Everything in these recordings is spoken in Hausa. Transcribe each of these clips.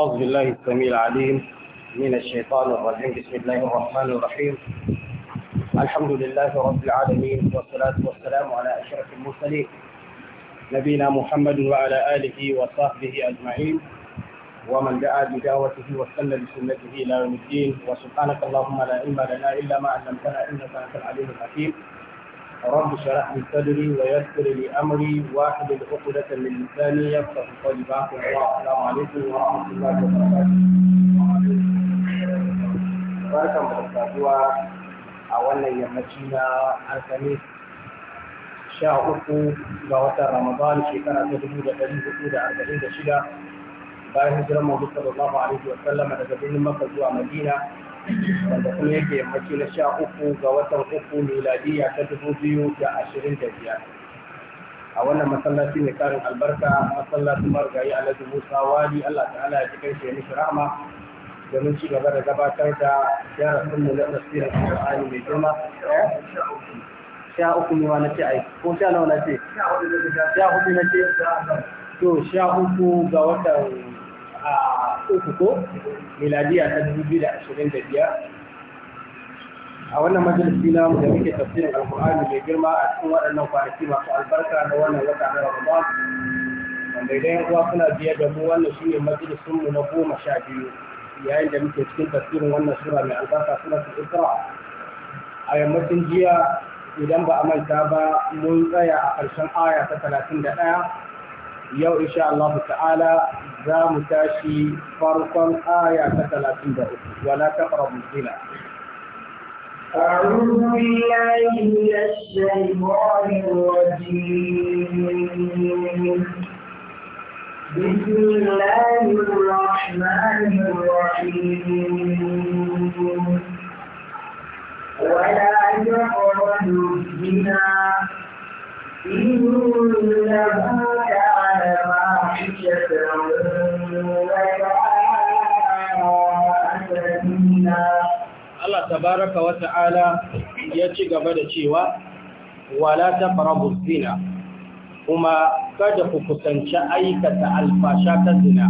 أعوذ بالله السميع العليم من الشيطان الرجيم بسم الله الرحمن الرحيم الحمد لله رب العالمين والصلاة والسلام على أشرف المرسلين نبينا محمد وعلى آله وصحبه أجمعين ومن دعا بدعوته واستنى بسنته إلى يوم الدين وسبحانك اللهم لا علم لنا إلا ما علمتنا إنك أنت العليم الحكيم رب شرح لي صدري ويسر لي امري واحد عقدة من لساني يفقه قولي باقي الله عليكم ورحمة الله وبركاته. السلام عليكم ورحمة الله وبركاته. أولا يا مجينا آه، الخميس شاء أخو بوتا رمضان في سنة 1346 بعد هجرة موجود صلى الله عليه وسلم على سبيل المقصود مدينة wanda kuma yake yammaci na sha uku ga watan uku miladiya ta dubu biyu da ashirin da biyar a wannan masallaci mai karin albarka masallacin margayi alhaji musa wali allah ta'ala ya cikin shi mishi rahama domin ci gaba da gabatar da darasin mu na da alƙur'ani mai girma sha uku ne wani ce ai ko sha nawa na ce sha hudu na ce to sha uku ga watan uku ko miladiya ta dubu biyu da ashirin da biyar a wannan majalisi na mu da muke tafsirin alkur'ani mai girma a cikin waɗannan kwanaki masu albarka na wannan wata na ramadan wanda idan yan uwa suna biye da mu wannan shine majalisin mu na goma sha biyu yayin da muke cikin tafsirin wannan sura mai albarka suna su ikra a yammacin jiya idan ba a manta ba mun tsaya a ƙarshen aya ta talatin da ɗaya yau insha Allah ta'ala زام تاشي فرقا آية aya ta ولا da uku أعوذ بالله من الشيطان الرجيم بسم الله الرحمن الرحيم ولا تقربوا الزنا إنه كان فاحشة Allah tabaraka wa ta'ala ya ci gaba da cewa wala taqrabu zina kuma kada ku kusanci aikata alfasha ta zina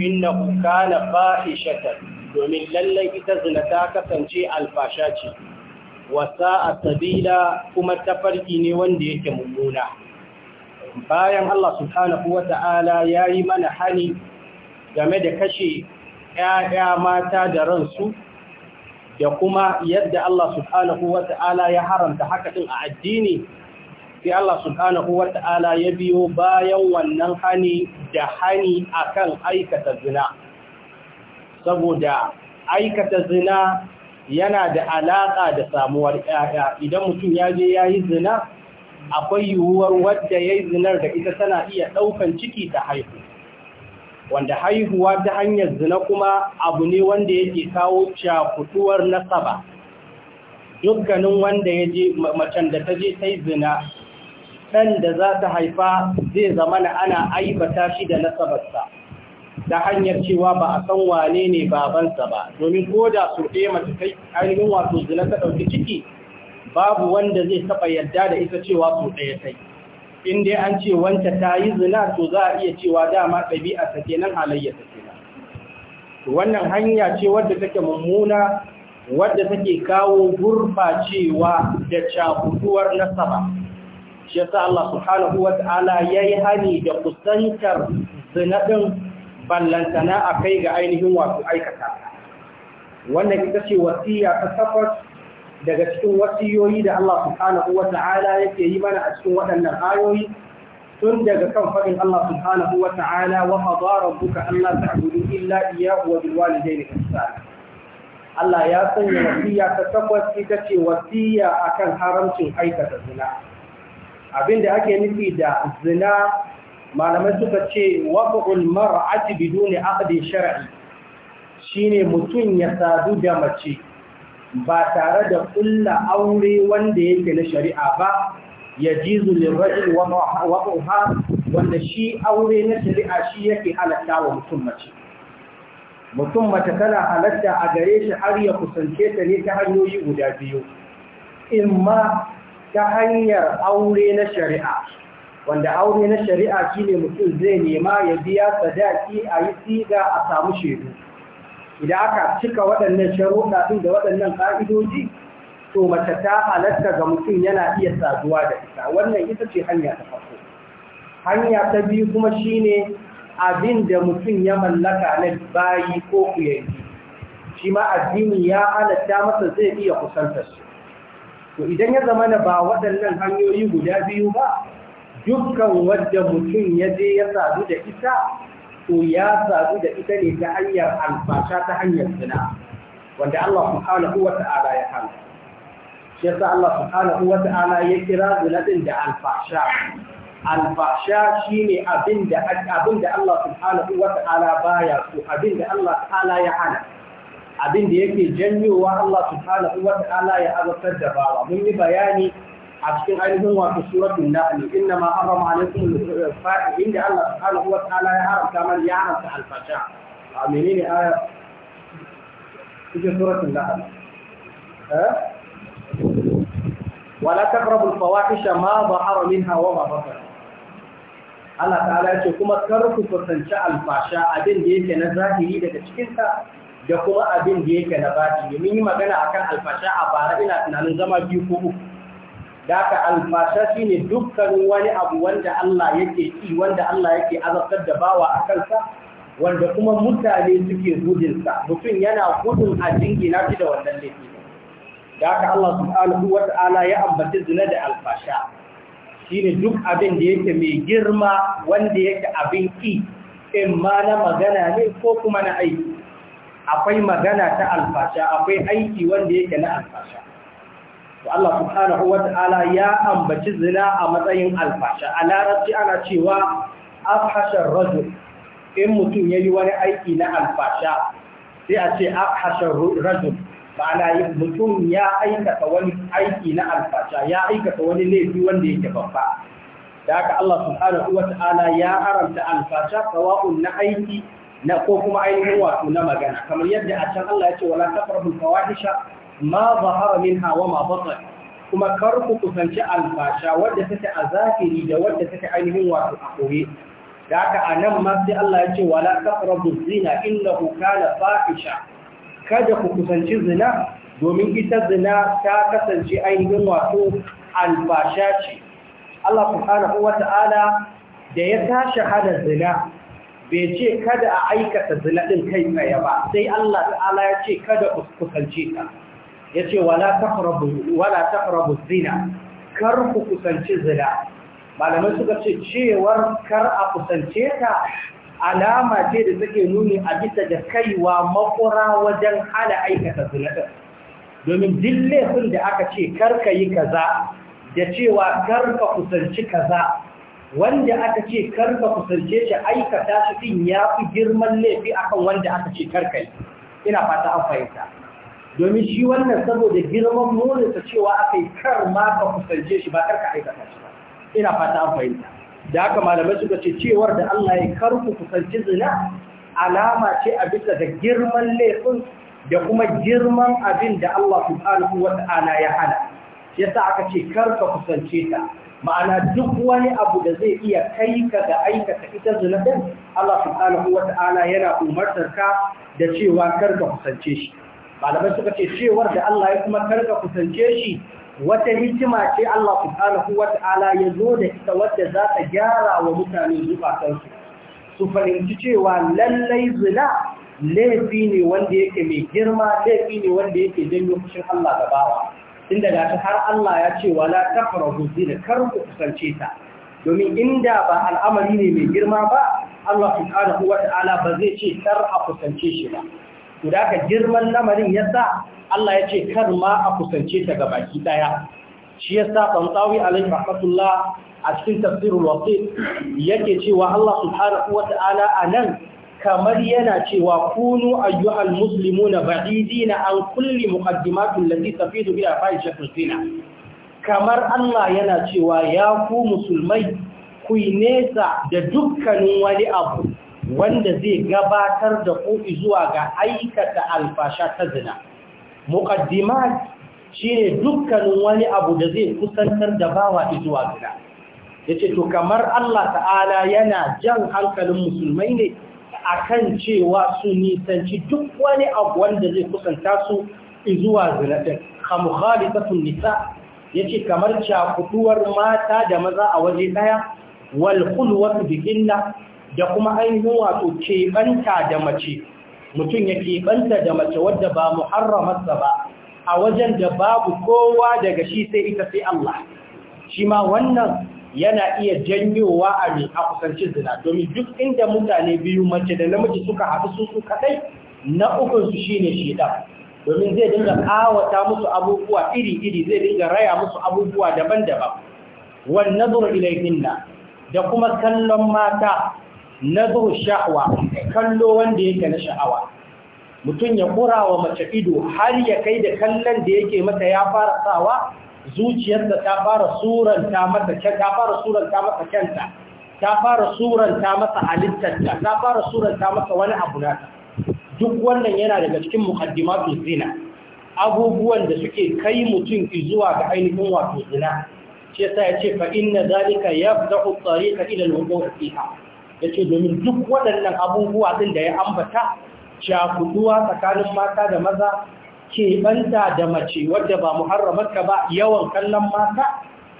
innahu kana fahishatan domin lallai ita zina ta kasance alfasha ce wasa a sabila kuma tafarki ne wanda yake mummuna bayan Allah subhanahu wa ta'ala ya yi mana hani game da kashe ‘ya'ya mata da ransu da kuma yadda Allah subhanahu wa ta'ala ya haramta haka ɗin a addini, sai Allah subhanahu wa ta'ala ya biyo bayan wannan hani da hani akan aikata zina. Saboda aikata zina yana da alaƙa da samuwar ‘ya'ya, idan mutum ya je ya yi zina, akwai yiwuwar wadda ya yi zinar da ita tana iya ɗaukan ciki ta haihu. wanda haihuwa ta hanyar zina kuma abu ne wanda yake kawo cakutuwar nasaba dukkanin wanda ya je macen da ta je sai zina ɗan da za ta haifa zai zama na ana aibata shi da nasabarsa ta hanyar cewa ba a san wane ne babansa ba domin ko da su ɗaya mace kai ainihin wato zina ta ɗauki ciki babu wanda zai taɓa yarda da ita cewa su ɗaya sai in dai an ce wanta ta yi zina to za a iya cewa dama ɗabi'a ta kenan halayya ta kenan wannan hanya ce wadda take mummuna wadda take kawo cewa da cakutuwar nasaba shi yasa Allah subhanahu ya yayi hani da kusantar zina din a kai ga ainihin wasu aikata wannan ita ce wasiya ta takwas daga cikin wasiyoyi da Allah subhanahu wa ta'ala yake yi mana a cikin waɗannan ayoyi tun daga kan faɗin Allah subhanahu wa ta'ala wa qadara rabbuka alla ta'budu illa iyyahu wa bil walidayni ihsana Allah ya sanya wasiya ta takwas ita ce wasiya akan haramcin aikata zina abinda ake nufi da zina malamai suka ce waqul mar'ati biduni aqdi shar'i shine mutum ya sadu da mace ba tare da kulla aure wanda yake na shari'a ba ya jizu lirrajin ha, wanda shi aure na shari'a shi yake halatta wa mutum mace mutum mace tana halatta a gare shi har ya kusance ta ne ta hanyoyi guda biyu in ma ta hanyar aure na shari'a wanda aure na shari'a shine mutum zai nema ya biya sadaki a yi siga a samu shaidu idan aka cika waɗannan sharuɗa ɗin da waɗannan ƙa'idoji to mace ta halatta ga mutum yana iya saduwa da ita wannan ita ce hanya ta farko hanya ta biyu kuma shine abin da mutum ya mallaka na bayi ko kuyayi shi ma addini ya halatta masa zai iya kusantar shi. to idan ya zama na ba waɗannan hanyoyi guda biyu ba dukkan wanda mutum ya je ya sadu da ita to ya sadu da ita ne ta hanyar alfasha ta hanyar zina wanda Allah subhanahu wa ta'ala ya hana shi yasa Allah subhanahu wa ta'ala ya kira zina din da alfasha alfasha shine abin da abin da Allah subhanahu wa ta'ala baya so abin da Allah ta'ala ya hana abin da yake janyowa Allah subhanahu wa ta'ala ya azabtar da bawa mun yi bayani a cikin ainihin wato suratul nahl inna ma harrama alaykum al-fa'i inda Allah subhanahu wa ta'ala ya haramta man ya haramta al-fasha a menene aya cikin suratul nahl eh ولا تقربوا الفواحش ما ظهر منها وما بطن Allah ta'ala ya ce kuma kar ku kusanci alfasha abin da yake na zahiri daga cikinsa da kuma abin da yake na batini mun yi magana akan alfasha a bara ina tunanin zama biyu ko uku Daka alfasha shi ne dukkan wani abu wanda Allah yake ci wanda Allah yake azabtar da bawa a kansa wanda kuma mutane suke gudunsa mutum yana gudun a jingina fi da wannan laifi Daka Allah subhanahu wa ta'ala ya ambaci zina da alfasha shine duk abin da yake mai girma wanda yake abin ki in ma na magana ne ko kuma na aiki akwai magana ta alfasha akwai aiki wanda yake na alfasha Allah subhanahu wa ta'ala ya ambaci zina a matsayin alfasha a larabci ana cewa afhashar rajul in mutum ya yi wani aiki na alfasha sai a ce afhashar rajul mutum ya aikata wani aiki na alfasha ya aikata wani laifi wanda yake babba da haka Allah subhanahu wa ta'ala ya haramta alfasha sawa'un na aiki na ko kuma ainihin wato na magana kamar yadda a can Allah ya ce wala taqrabul fawahisha ma zahara haramin hawa ma batan kuma kar ku kusanci alfasha wadda take a zahiri da wadda take ainihin wato a koye da haka a nan ma sai Allah ya ce wala taqrabu zina innahu kana fahisha kada ku kusanci zina domin ita zina ta kasance ainihin wato alfasha ce Allah subhanahu wata'ala da ya tashi hada zina bai ce kada a aikata zina din kai tsaye ba sai Allah ta'ala ya ce kada ku kusanci ta yace wala taqrabu wala taqrabu zina kar ku kusance zina malamai suka ce cewar kar a kusance ta alama ce da take nuni a bisa da kaiwa makura wajen hana aikata zina domin dille sun da aka ce "Kar ka yi kaza da cewa "Kar ka kusanci kaza wanda aka ce "Kar ka kusance shi aikata shi din ya fi girman laifi akan wanda aka ce ka yi ina fata an fahimta domin shi wannan saboda girman ta cewa aka yi kar ma ka kusance shi ba karka aikata shi ba ina fata an fahimta da haka malamai suka ce cewar da Allah ya kar ku kusanci zina alama ce a bisa da girman laifin da kuma girman abin da Allah subhanahu wa ya hana yasa aka ce kar ka kusance ta ma'ana duk wani abu da zai iya kai ka ga aikata ita zina din Allah subhanahu yana umartar ka da cewa kar ka kusance shi malamai suka ce cewar da Allah ya kuma karka kusance shi wata hikima ce Allah subhanahu wata'ala ya zo da ita wadda za ta gyara wa mutane zubatansu su fahimci cewa lallai zina laifi ne wanda yake mai girma laifi ne wanda yake janyo fushin Allah gabawa. inda ga ta har Allah ya ce wala tafrahu zina kar ku kusance ta domin inda ba al'amari ne mai girma ba Allah subhanahu wata'ala ba zai ce kar a kusance shi ba guda ka girman lamarin yasa Allah ya ce kar ma a kusance ta ga baki daya shi yasa tsantsawi alaihi rahmatullah a cikin tafsirul wasit yake cewa Allah subhanahu wata'ala anan kamar yana cewa kunu ayyuhal muslimuna ba'idina an kulli muqaddimatin lati tafidu ila fahishatil zina kamar Allah yana cewa ya ku musulmai ku nesa da dukkanin wani abu wanda zai gabatar da ku zuwa ga aikata alfasha ta zina shi shine dukkanin wani abu da zai kusantar da bawa zuwa zina yace to kamar Allah ta'ala yana jan hankalin musulmai ne a kan cewa su nisanci duk wani abu wanda zai kusanta su zuwa zina da khamkhalitatun nisa yace kamar cakuduwar mata da maza a waje ɗaya wal bikin bihinna da kuma ainihin wato keɓanta da mace mutum ya keɓanta da mace wadda ba mu muharramarsa ba a wajen da babu kowa daga shi sai ita sai Allah shi ma wannan yana iya janyowa a ne a kusanci zina domin duk inda mutane biyu mace da namiji suka haɗu su su kaɗai na ukunsu shi ne shida domin zai dinga ƙawata musu abubuwa iri-iri zai dinga raya musu abubuwa daban-daban wannan zuru ilaihinna da kuma kallon mata nazo sha'awa, kallo wanda yake na sha'awa mutum ya wa mace ido har ya kai da kallon da yake mata ya fara sawa zuciyarsa ta fara suranta mata ta fara suranta mata kanta ta fara suranta masa halittarta ta fara suranta masa wani abu na duk wannan yana daga cikin muqaddimatu zina abubuwan da suke kai mutum zuwa ga ainihin wato zina shi yasa ce, fa inna zalika yafdahu at-tariqa ila al-wudu' fiha yace domin duk waɗannan abubuwa ɗin da ya ambata shakuduwa tsakanin mata da maza keɓanta da mace wadda ba muharramarka ba yawan kallon mata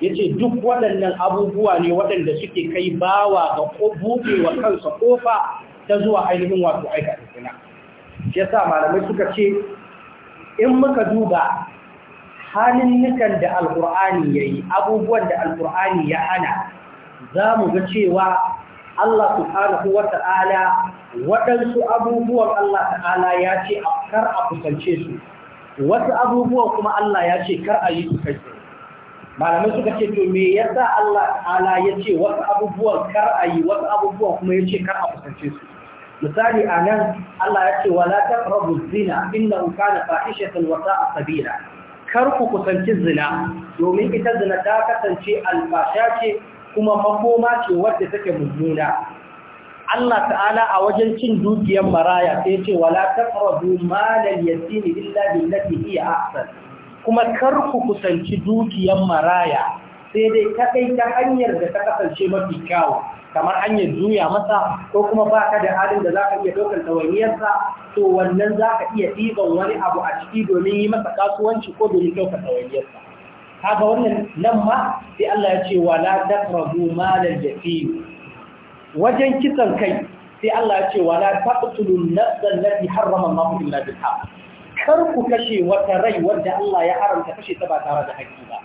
ya ce duk waɗannan abubuwa ne waɗanda suke kai bawa ga buɗewa kansa ƙofa ta zuwa ainihin wato aika da suna ya sa malamai suka ce in muka duba halin nukan da alƙur'ani ya yi abubuwan da alƙur'ani ya hana za mu ga cewa Allah subhanahu wa ta'ala waɗansu abubuwan Allah ta'ala ya ce kar a kusance su wasu abubuwan kuma Allah ya ce kar a yi su malamai suka ce to me yasa Allah ta'ala ya ce wasu abubuwan kar a yi wasu abubuwan kuma ya ce kar a kusance su misali a nan Allah ya ce wala rabu zina innahu kana fahishatan wa a sabila kar ku kusanci zina domin ita zina ta kasance alfasha ce kuma makoma ce wadda take mummuna Allah ta'ala a wajen cin dukiyar maraya sai ce wala taqrabu malal yatim illa billati hiya ahsan kuma kar ku kusanci dukiyar maraya sai dai kadai ta hanyar da ta kasance mafi kyawu kamar hanyar juya masa ko kuma baka da halin da zaka iya daukar tawayyarsa to wannan zaka iya ɗiban wani abu a ciki domin yi masa kasuwanci ko domin daukar tawayyarsa kaga wannan nan ma sai Allah ya ce wala taqrabu malal yatim wajen kisan kai sai Allah ya ce la taqtulu nafsan lati harrama Allah illa bil haqq kar ku kashe wata rai wanda Allah ya haramta kashe ta ba tare da haƙƙi ba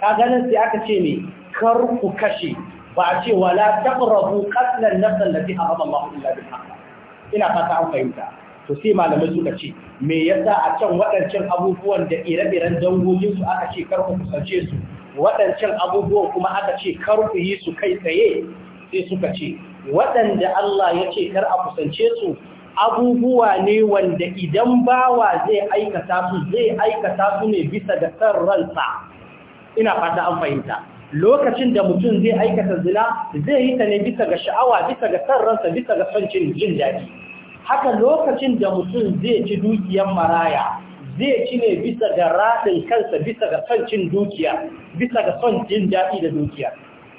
kaga nan sai aka ce ne kar ku kashe ba a ce la taqrabu qatlan nafsan lati harrama Allah illa bil haqq ina fata an fahimta to sai malamai suka ce me yasa a can waɗancan abubuwan da ire-iren dangogin su aka ce kar ku kusance su waɗancan abubuwan kuma aka ce kar ku yi su kai tsaye sai suka ce waɗanda Allah ya ce kar a kusance su abubuwa ne wanda idan bawa zai aikata su zai aikata su ne bisa da san ransa ina fata an fahimta lokacin da mutum zai aikata zina zai yi ta ne bisa ga sha'awa bisa ga san ransa bisa ga son jin daɗi haka lokacin da mutum zai ci dukiyar maraya zai ci ne bisa ga raɗin kansa bisa ga son cin dukiya bisa ga son jin daɗi da dukiya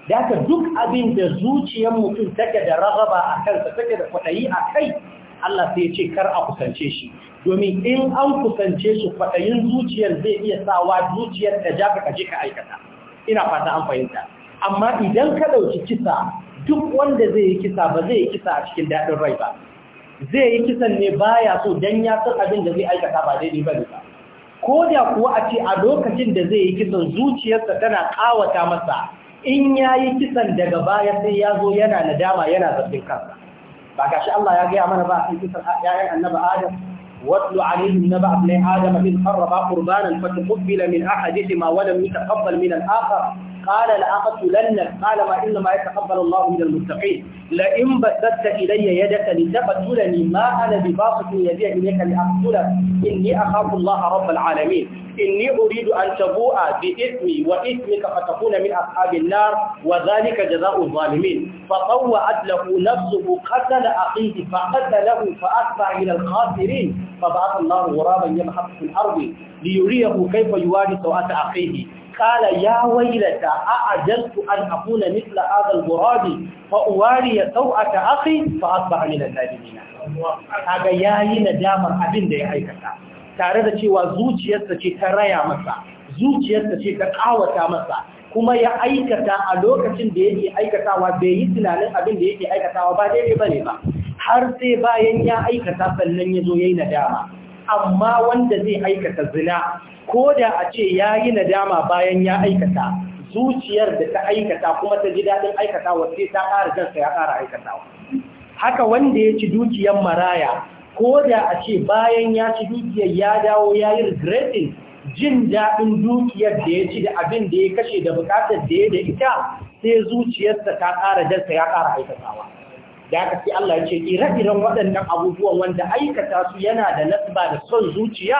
da haka duk abin da zuciyar mutum take da ragaba a kansa take da kwaɗayi a kai Allah sai ya ce kar a kusance shi domin in an kusance shi kwaɗayin zuciyar zai iya sawa zuciyar ta ja ka ji ka aikata ina fata an fahimta amma idan ka ɗauki kisa duk wanda zai yi kisa ba zai yi kisa a cikin daɗin rai ba zai yi kisan ne baya so dan ya san abin da zai aikata ba daidai ba duka ko da kuwa a ce a lokacin da zai yi kisan zuciyarsa tana kawata masa in ya yi kisan daga baya sai ya zo yana nadama yana zafin kansa ba ga shi Allah ya gaya mana ba a kan kisan yayan annaba Adam watlu alaihim naba ibn Adam bin qarraba kurbanan fa tuqbila min ahadihima wa lam yataqabbal min al قال لأقتلنك قال ما إنما يتقبل الله من المتقين لئن بسدت إلي يدك لتقتلني ما أنا بباقة يدي إليك لأقتلك إني أخاف الله رب العالمين إني أريد أن تبوء بإثمي وإثمك فتكون من أصحاب النار وذلك جزاء الظالمين فطوعت له نفسه قتل أخيه فقتله فأتبع إلى الخاسرين فبعث الله غرابا يبحث في الأرض ليريه كيف يواجه سوءة أخيه kala ya wailata "A'a, ajaltu an akuna mithla hadha al-burabi fa uwari ya sau'ata akhi fa asbaha min al-nadimina kaga nadamar abin da ya aikata tare da cewa zuciyarsa ce ta raya masa zuciyarsa ce ta ƙawata masa kuma ya aikata a lokacin da yake aikatawa bai yi tunanin abin da yake aikatawa ba daidai bane ba har sai bayan ya aikata sannan ya zo ya yi nadama amma wanda zai aikata zina ko da a ce ya yi nadama bayan ya aikata zuciyar da ta aikata kuma ta ji daɗin aikata sai ta ƙara jansa ya ƙara aikatawa haka wanda ya ci dukiyar maraya ko da a ce bayan ya ci dukiyar ya dawo ya yi regretin jin daɗin dukiyar da ya ci da abin da ya kashe da bukatar da ya da ita sai zuciyarsa ta ƙara jansa ya ƙara aikatawa da aka sai Allah yace ce waɗannan abubuwan wanda aikata su yana da nasiba da son zuciya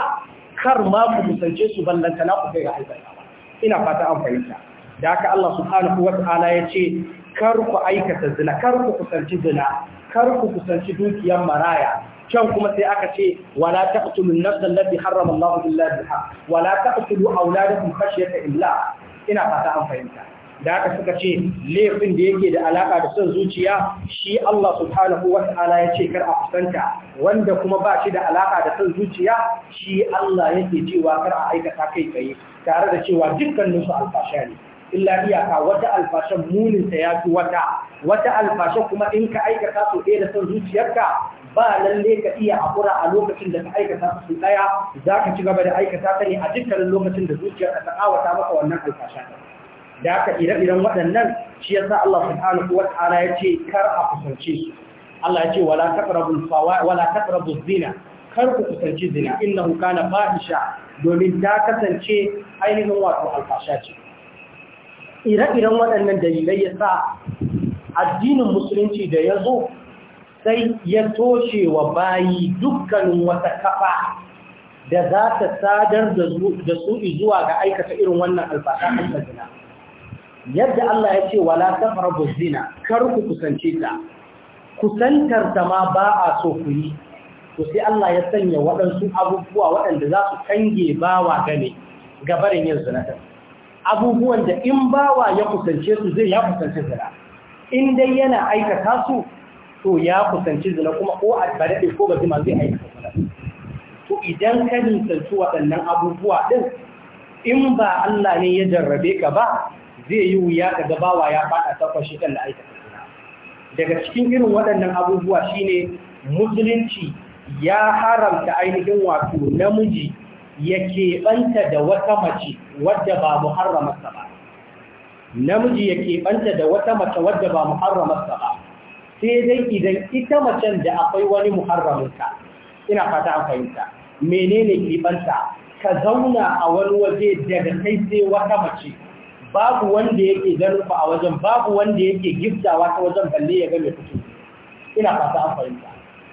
kar ma ku kusance su ballanta na ku kai ga aikata ina fata an fahimta da aka Allah subhanahu Ta'ala ya ce kar ku aikata zina kar ku kusanci zina kar ku kusanci dukiyar maraya can kuma sai aka ce wala taqtulu an-nafsa allati harrama Allahu illa bil wala taqtulu awladakum khashyata illa ina fata an fahimta da aka suka ce laifin da yake da alaka da son zuciya shi Allah subhanahu ta'ala ya ce kar a kusanta wanda kuma ba shi da alaka da son zuciya shi Allah yake cewa kar a aikata kai kai tare da cewa dukkanin su alfasha ne illa iyaka wata alfashan munin ta ya fi wata wata alfashan kuma in ka aikata su ɗaya da son zuciyarka ba lalle ka iya haƙura a lokacin da ka aikata su ɗaya za ka ci gaba da aikata ta ne a dukkanin lokacin da zuciyarka ta kawata maka wannan alfashan da aka ire-iren waɗannan shi ya sa Allah subhanahu wa ta'ala ya ce kar a kusance su Allah ya ce wala taqrabul fawa wala taqrabuz zina kar ku kusance zina innahu kana fahisha domin ta kasance ainihin wato alfasha ce ire-iren waɗannan dalilai sa addinin musulunci da ya zo sai ya toshe wa bayi dukkanin wata kafa da za ta sadar da su zuwa ga aikata irin wannan alfasha alfazina yadda Allah ya ce wala taqrabu zina kar ku kusance ta kusantar ta ma ba a so ku yi to sai Allah ya sanya waɗansu abubuwa waɗanda za su kange bawa game barin yin zina abubuwan da in bawa ya kusance su zai ya kusance zina in dai yana aikata su to ya kusance zina kuma ko a barade ko ba zai aikata zina to idan ka nisanci waɗannan abubuwa din in ba Allah ne ya jarrabe ka ba zai yi wuya ka gabawa ya faɗa takwas shidan da aikata daga cikin irin waɗannan abubuwa shine musulunci ya haramta ainihin wato namiji ya keɓanta da wata mace wadda ba muharramarsa ba namiji ya keɓanta da wata mace wadda ba ba sai dai idan ita macen da akwai wani muharraminta ina fata an fahimta menene keɓanta ka zauna a wani waje daga kai sai wata mace babu wanda yake garufa a wajen babu wanda yake giftawa ta wajen balle ya ga mai fito ina fata an fahimta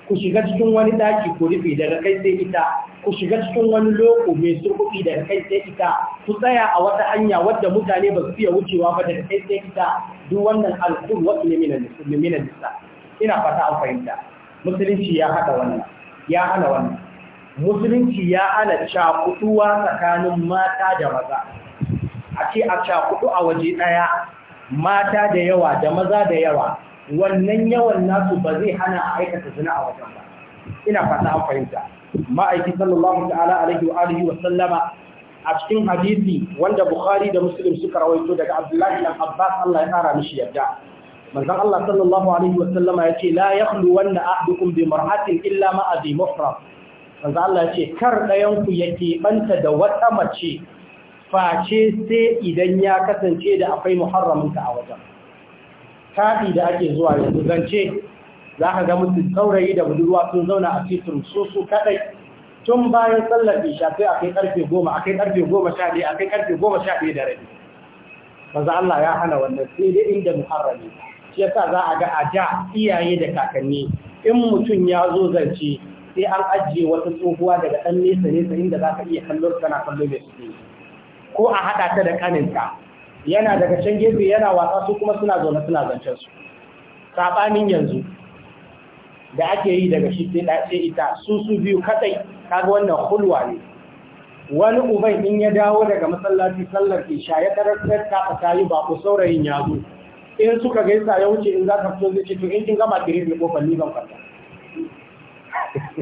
ku shiga cikin wani daki ko rufe daga kai sai ita ku shiga cikin wani loko mai surkuɗi daga kai sai ita ku tsaya a wata hanya wadda mutane ba su fiye wucewa ba daga kai sai ita duk wannan alkul wasu ne minan nisa ina fata an fahimta musulunci ya haɗa wannan ya hana wannan musulunci ya hana cakuɗuwa tsakanin mata da maza a ce a cakudu a waje daya, mata da yawa da maza da yawa wannan yawan nasu ba zai hana a aikata zina a wajen ba ina fata an fahimta ma'aiki sallallahu ta'ala alaihi wa alihi wa sallama a cikin hadisi wanda bukhari da muslim suka rawaito daga abdullahi dan abbas Allah ya kara mishi yadda. manzon Allah sallallahu alaihi wa sallama yace la yakhlu wanna ahdukum bi mar'atin illa ma abi muhram manzon Allah yace kar dayan ku yake banta da wata mace face sai idan ya kasance da akwai ka a wajen Kaɗi da ake zuwa yanzu zance za ka ga mutum saurayi da budurwa sun zauna a titin su su kaɗai tun bayan sallar isha sai akai ƙarfe goma akai ƙarfe goma sha ɗaya akai ƙarfe goma sha ɗaya da rabi maza Allah ya hana wannan sai dai inda muharrami shi yasa za a ga a da iyaye da kakanni in mutum ya zo zance sai an ajiye wata tsohuwa daga ɗan nesa nesa inda za ka iya kallon kana kallo mai suke ko a haɗa ta da kaninta yana daga can gefe yana wasa su kuma suna zaune suna zancen su saɓanin yanzu da ake yi daga shi sai ita su su biyu kadai kaga wannan hulwa ne wani uban in ya dawo daga masallaci sallar isha ya tarar ta ta yi ba ku saurayin ya zo in suka gaisa ya wuce in za ka fito zai ce to in kin gama kire ne kofar liban kwanta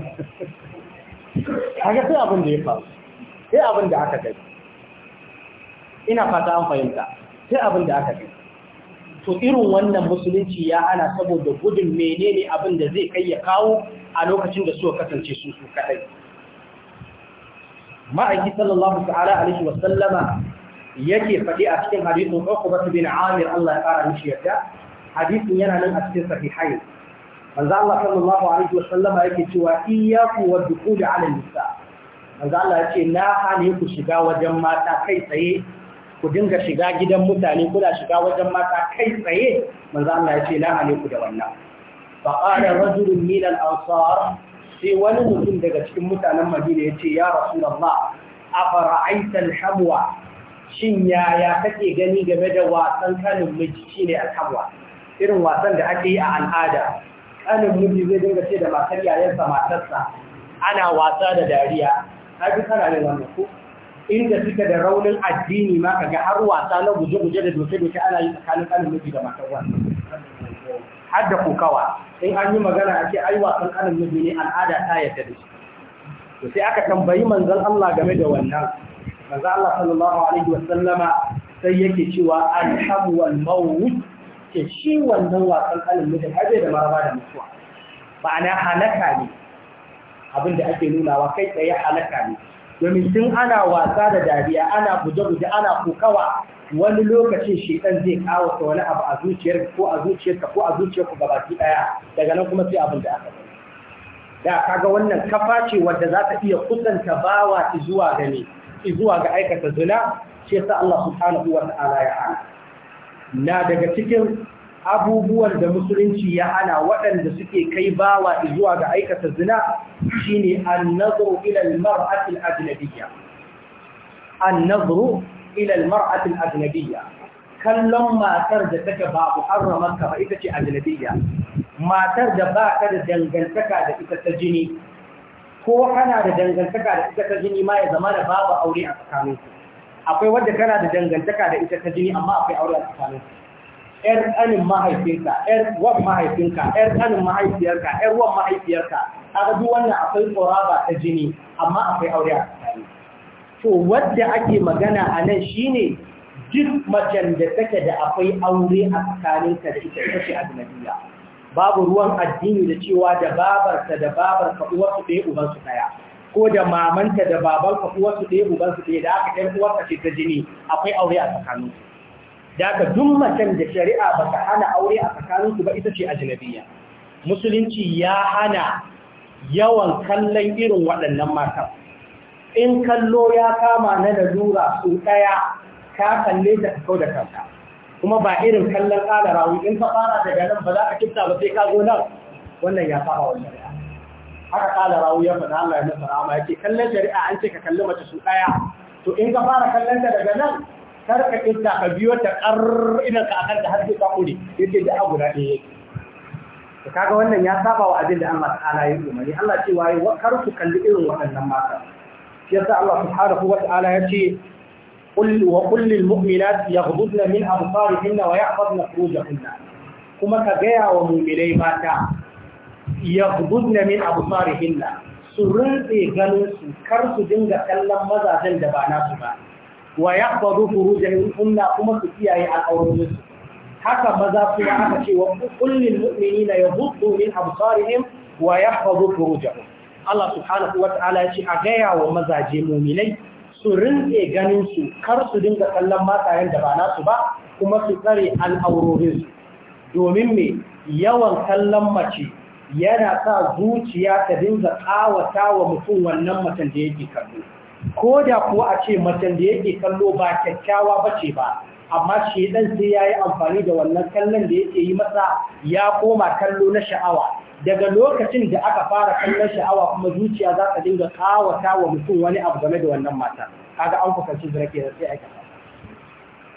kaga sai abin da ya faru sai abin da aka kai. ina fata an fahimta sai abin da aka fi to irin wannan musulunci ya ana saboda gudun menene abin da zai kai ya kawo a lokacin da suka kasance su su kadai ma'aiki sallallahu ta'ala alaihi wa sallama yake fadi a cikin hadisin Uqbah bin Amir Allah ya fara mishi yadda hadisin yana nan a cikin sahihain manzo Allah sallallahu alaihi wa sallama yake cewa iyyaku wa dukhul ala nisa manzo Allah yace na hane ku shiga wajen mata kai tsaye ku dinga shiga gidan mutane kuna shiga wajen mata kai tsaye manzo Allah ya ce la alaiku da wannan fa qala rajulun min al-ansar sai wani mutum daga cikin mutanen Madina ya ce ya rasulullah afara'aita al Hamwa shin yaya kake gani game da wasan kanin miji shine al Hamwa? irin wasan da ake yi a al'ada kanin miji zai dinga ce da matar yayansa matarsa ana wasa da dariya ka ji kana ne wannan ko inda suka da raunin addini ma kaga har wasa na guje-guje da doke-doke ana yi tsakanin kanin miji da matan wasa har da kokawa in an yi magana ake ai wasan kanin miji ne al'ada ta yadda da shi to sai aka tambayi manzon Allah game da wannan manzon Allah sallallahu alaihi wa sallama sai yake cewa alhamu wal mawt ke shi wannan wasan kanin miji har da maraba da mutuwa Ba ma'ana halaka ne abinda da ake nunawa kai tsaye halaka ne domin sun ana wasa da dariya ana guje-guje ana kokawa wani lokacin shekan zai kawo ta wani abu a zuciyar ko a ka ko a zuciyar ku gabaki daya daga nan kuma sai abin da aka da kaga wannan kafa ce wanda za ta iya kusanta bawa zuwa gani zuwa ga aikata zina sai sa Allah subhanahu wa ta'ala ya na daga cikin abubuwan da musulunci ya hana waɗanda suke kai bawa zuwa ga aikata zina shine an-nazru ilal al-mar'ati al-ajnabiyya an-nazru ila ajnabiyya kallon matar da take ba muharramar ka ba ita ce ajnabiyya matar da ba ka da dangantaka da ita ta jini ko kana da dangantaka da ita ta jini ma ya zama da babu aure a tsakaninku akwai wanda kana da dangantaka da ita ta jini amma akwai aure a tsakaninku ‘yar ƙanin mahaifinka, ‘yar wan mahaifinka, ‘yar ƙanin mahaifiyarka, ‘yar wan mahaifiyarka, a duk wannan akwai ba ta jini, amma akwai aure a tsakani. To, wadda ake magana a nan shi ne duk macen da take da akwai aure a tsakaninka da ita ita ce ajnabiya. Babu ruwan addini da cewa da babarsa da babarka uwarsu ɗaya ubansu ɗaya. Ko da mamanta da babanka uwarsu ɗaya ubansu ɗaya da aka ɗan uwarsa ce ta jini akwai aure a tsakaninsu. da ka duk da shari'a ba ka hana aure a tsakaninku ba ita ce ajnabiya musulunci ya hana yawan kallon irin waɗannan matan in kallo ya kama na zura su ɗaya ka kalle ta kau da kanka kuma ba irin kallon ƙara rawu in ka fara daga nan ba za ka kifta ba sai ka zo nan wannan ya fara wannan ya haka ƙara rawu ya faɗa Allah ya masa rama yake kallon shari'a an ce ka kalli mace su ɗaya to in ka fara kallon ta daga nan kar ka ka biyo ta kar idan ka akan da har sai ka yake da abu da ɗaya Ka kaga wannan ya saba wa abin da Allah ala yi umarni Allah ce wa yi wa kar ku kalli irin waɗannan mata shi yasa Allah subhanahu wa ta'ala ya ce قل وقل للمؤمنات يغضضن من أبصارهن ويحفظن فروجهن كما كجيا ومؤمني ماتا يغضضن من أبصارهن su rantse ganin su kar su dinga kallon mazajen da ba nasu ba wa yahfazu furujahum umma kuma su kiyaye al'aurorin su haka maza kuma aka ce wa na ya yaghuddu min absarihim wa yahfazu furujahum Allah subhanahu wa ta'ala ya ce a gaya wa mazaje mu'minai su rinke ganin su kar su dinga kallon matayen da ba su ba kuma su tsare al'aurorin su domin me yawan kallon mace yana sa zuciya ta dinga kawata wa mutum wannan macen da yake kallo ko da kuwa a ce macen da yake kallo ba kyakkyawa ba ce ba amma shaidan sai ya yi amfani da wannan kallon da yake yi masa ya koma kallo na sha'awa daga lokacin da aka fara kallon sha'awa kuma zuciya za ta dinga kawata wa mutum wani abu game da wannan mata kaga an kusanci da rake sai aka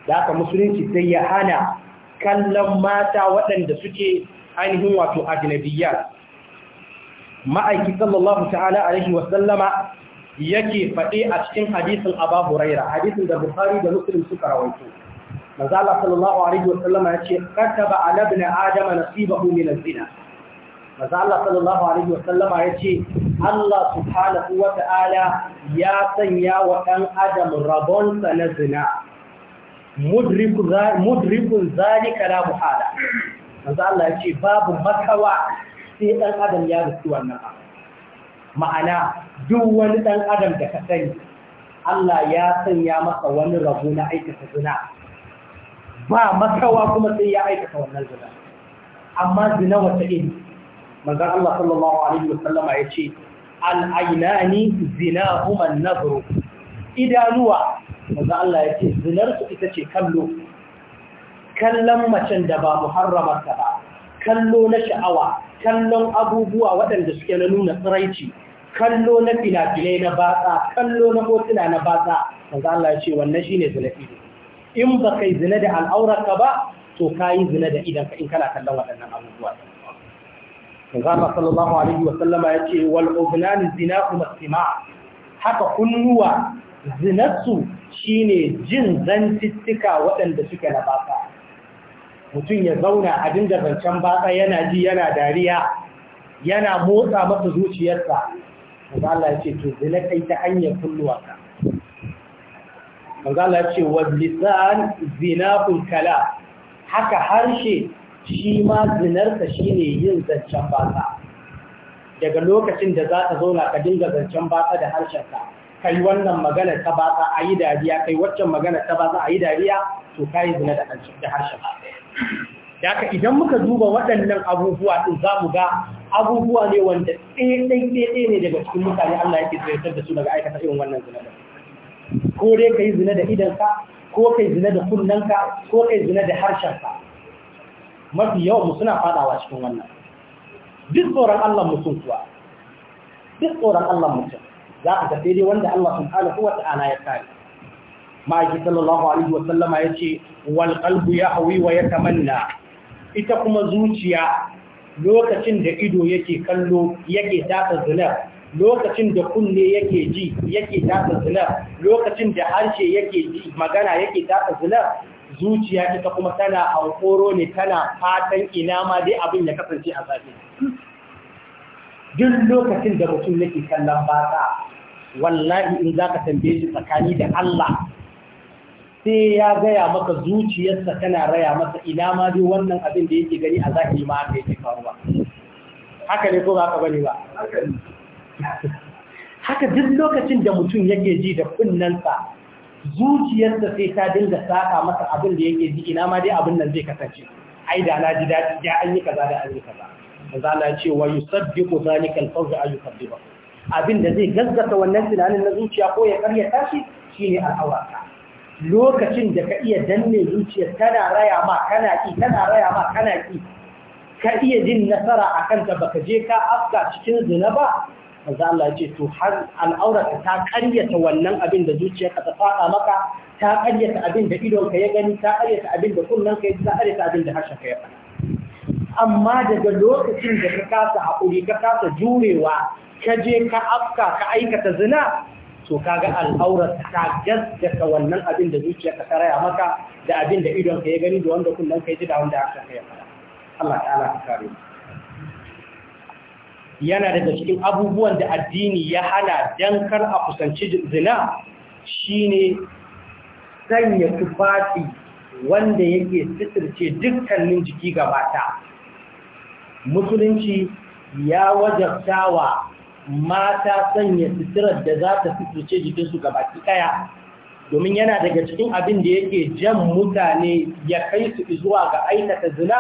da aka musulunci sai ya hana kallon mata waɗanda suke ainihin wato ajnabiyya ma'aiki sallallahu ta'ala alaihi wa sallama yake faɗe a cikin hadisin Aba Huraira hadisin da Bukhari da Muslim suka rawaito manzo Allah sallallahu alaihi wa sallama ya ce kataba ala ibn adam nasibahu min az-zina manzo Allah sallallahu alaihi wa sallama ya ce Allah subhanahu wa ta'ala ya sanya wa ɗan adam rabonsa na zina mudriku mudrikun zalika la muhala manzo Allah ya ce babu makawa sai ɗan adam ya rusu wannan abu ma'ana duk wani ɗan adam da ka sani Allah ya sanya masa wani rabu na aikata zina ba makawa kuma sai ya aikata wannan zina amma zina wata iri manzon Allah sallallahu alaihi wasallama ya ce al'ainani zina kuma nazaro idanuwa manzon Allah ya ce zinar su ita ce kallo kallon macen da ba muharramarta ba kallo na sha'awa kallon abubuwa waɗanda suke na nuna tsiraici kallo na filafilai na batsa kallo na hotuna na batsa manzo Allah ya ce wannan zina ido in ba kai zina da al'aurarka ba to kayi zina da idan ka in kana kallon waɗannan abubuwa sallallahu alaihi wa sallama ya ce wal ubnan zinahu mastima haka kunnuwa zinatsu shine jin zantittika waɗanda suke na batsa mutum ya zauna a dinga zancen batsa yana ji yana dariya yana motsa masa zuciyarsa Allah ya ce to zina kai ta hanyar kulluwa ka manzo Allah ya ce wa lisan zinaqul kala haka harshe shi ma zinarsa shine yin zancen baka daga lokacin da za ka zauna ka dinga zancen baka da harshenka kai wannan magana ta baka ayi yi dariya kai waccan magana ta baka ayi yi dariya to kai zina da harshen da haka idan muka duba waɗannan abubuwa din za mu ga abubuwa ne wanda tsaye-tsaye ne daga cikin mutane Allah yake tsirtar da su daga aikata irin wannan zina da ko dai ka yi zina da idanka ko ka yi zina da kunnanka ko ka yi zina da harshenka mafi yawan mu suna fadawa cikin wannan duk tsoron Allah mutum kuwa duk tsoron Allah mutum za ka ga sai dai wanda Allah sun kuwa ta ana ya kare ma'aiki sallallahu alaihi wa sallama ya ce, wal ya hawi wa ya kamanna. ita kuma zuciya lokacin da ido yake kallo yake tasa zinar lokacin da kunne yake ji yake tasa zinar lokacin da harshe yake ji magana yake tasa zinar zuciya ita kuma tana hankoro ne tana fatan ina ma dai abin ya kasance a zafi duk lokacin da mutum yake kallon basa, wallahi in za ka tambaye shi tsakani da Allah sai ya gaya maka zuciyarsa tana raya masa ina ma dai wannan abin da yake gani a zahiri ma aka yake faruwa haka ne ko ba ka bane ba haka duk lokacin da mutum yake ji da kunnensa zuciyarsa sai ta dinga saka masa abin da yake ji ina ma dai abin nan zai kasance ai da na ji dadi ya an yi kaza da an yi kaza kaza na ce wa zalika al-fawz ayyukadiba abin da zai gaggata wannan tunanin na zuciya ko ya karya tashi shine al-awaka lokacin da ka iya danne zuciyar tana raya ma kana ki tana raya ma kana ki ka iya jin nasara a kanta baka je ka afka cikin zina ba Maza Allah ya ce to har al'aurata ta karyata wannan abin da zuciyarka ta faɗa maka ta karyata abin da idonka ya gani ta karyata abin da kunnanka ya ji ta karyata abin da harshenka ya faɗa amma daga lokacin da ka kasa haƙuri ka kasa jurewa ka je ka afka ka aikata zina to kaga al'aurar ta gaskata wannan abin da zuciyarka ta raya maka da abin da idon ka ya gani da wanda kullum ka ji da wanda aka kai fara Allah ta'ala ka kare yana daga cikin abubuwan da addini ya hana dan kar a kusanci zina shine sanya tufafi wanda yake sitirce dukkanin jiki gabata musulunci ya wajabtawa mata sanya suturar da za ta fitirce jikinsu ga baki ɗaya domin yana daga cikin abin da yake jan mutane ya kai su zuwa ga aikata zina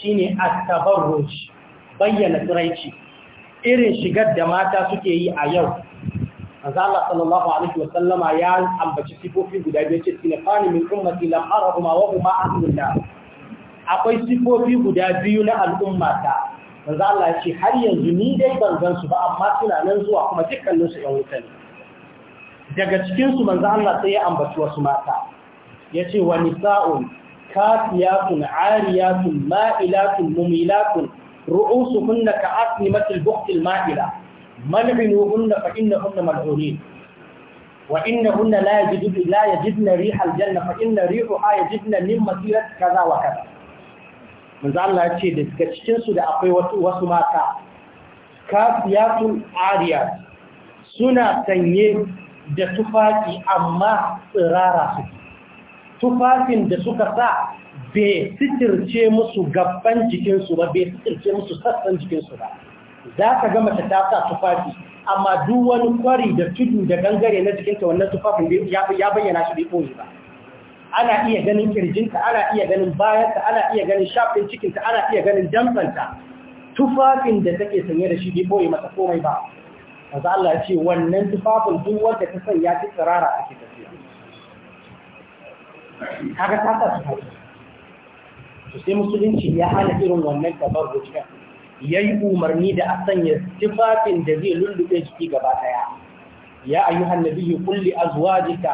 shine at-tabarruj bayyana turaici irin shigar da mata suke yi a yau manzo Allah sallallahu alaihi wasallama ya ambaci sifofi guda biyar ce fani min ummati lam arahuma wa huma ahlun nar akwai sifofi guda biyu na al'ummata manzo Allah har yanzu ni dai ban gan su ba amma suna nan zuwa kuma dukkanin su ɗan wuta ne daga cikin su manzo Allah sai ya ambaci wasu mata yace wa nisa'un kafiyatun ariyatun ma'ilatun mumilatun ru'usuhunna ka'asnimatil buqtil ma'ila mal'inuhunna fa innahunna mal'unin wa innahunna la yajidna la yajidna fa inna rihuha yajidna min masirati kaza wa kaza manzo Allah ya ce daga cikin su da akwai wasu mata kafiyatun ariya suna sanye da tufafi amma tsirara su tufafin da suka sa bai sitirce musu gaban jikinsu ba bai sitirce musu sassan jikinsu ba za ka ga ta sa tufafi amma duk wani kwari da tudu da gangare na jikinta wannan tufafin ya bayyana shi bai koyi ba ana iya ganin kirjinta ana iya ganin bayanta ana iya ganin shafin cikinta ana iya ganin damfanta tufafin da take sanye da shi bai boye mata komai ba manzo Allah ya ce wannan tufafin duk wanda ta sanya ta tsirara ake tafiya kaga ta ta tufafi to sai musulunci ya hana irin wannan tabarruci yayi umarni da a sanya tufafin da zai lulluɓe jiki gaba daya يا أيها النبي قل لأزواجك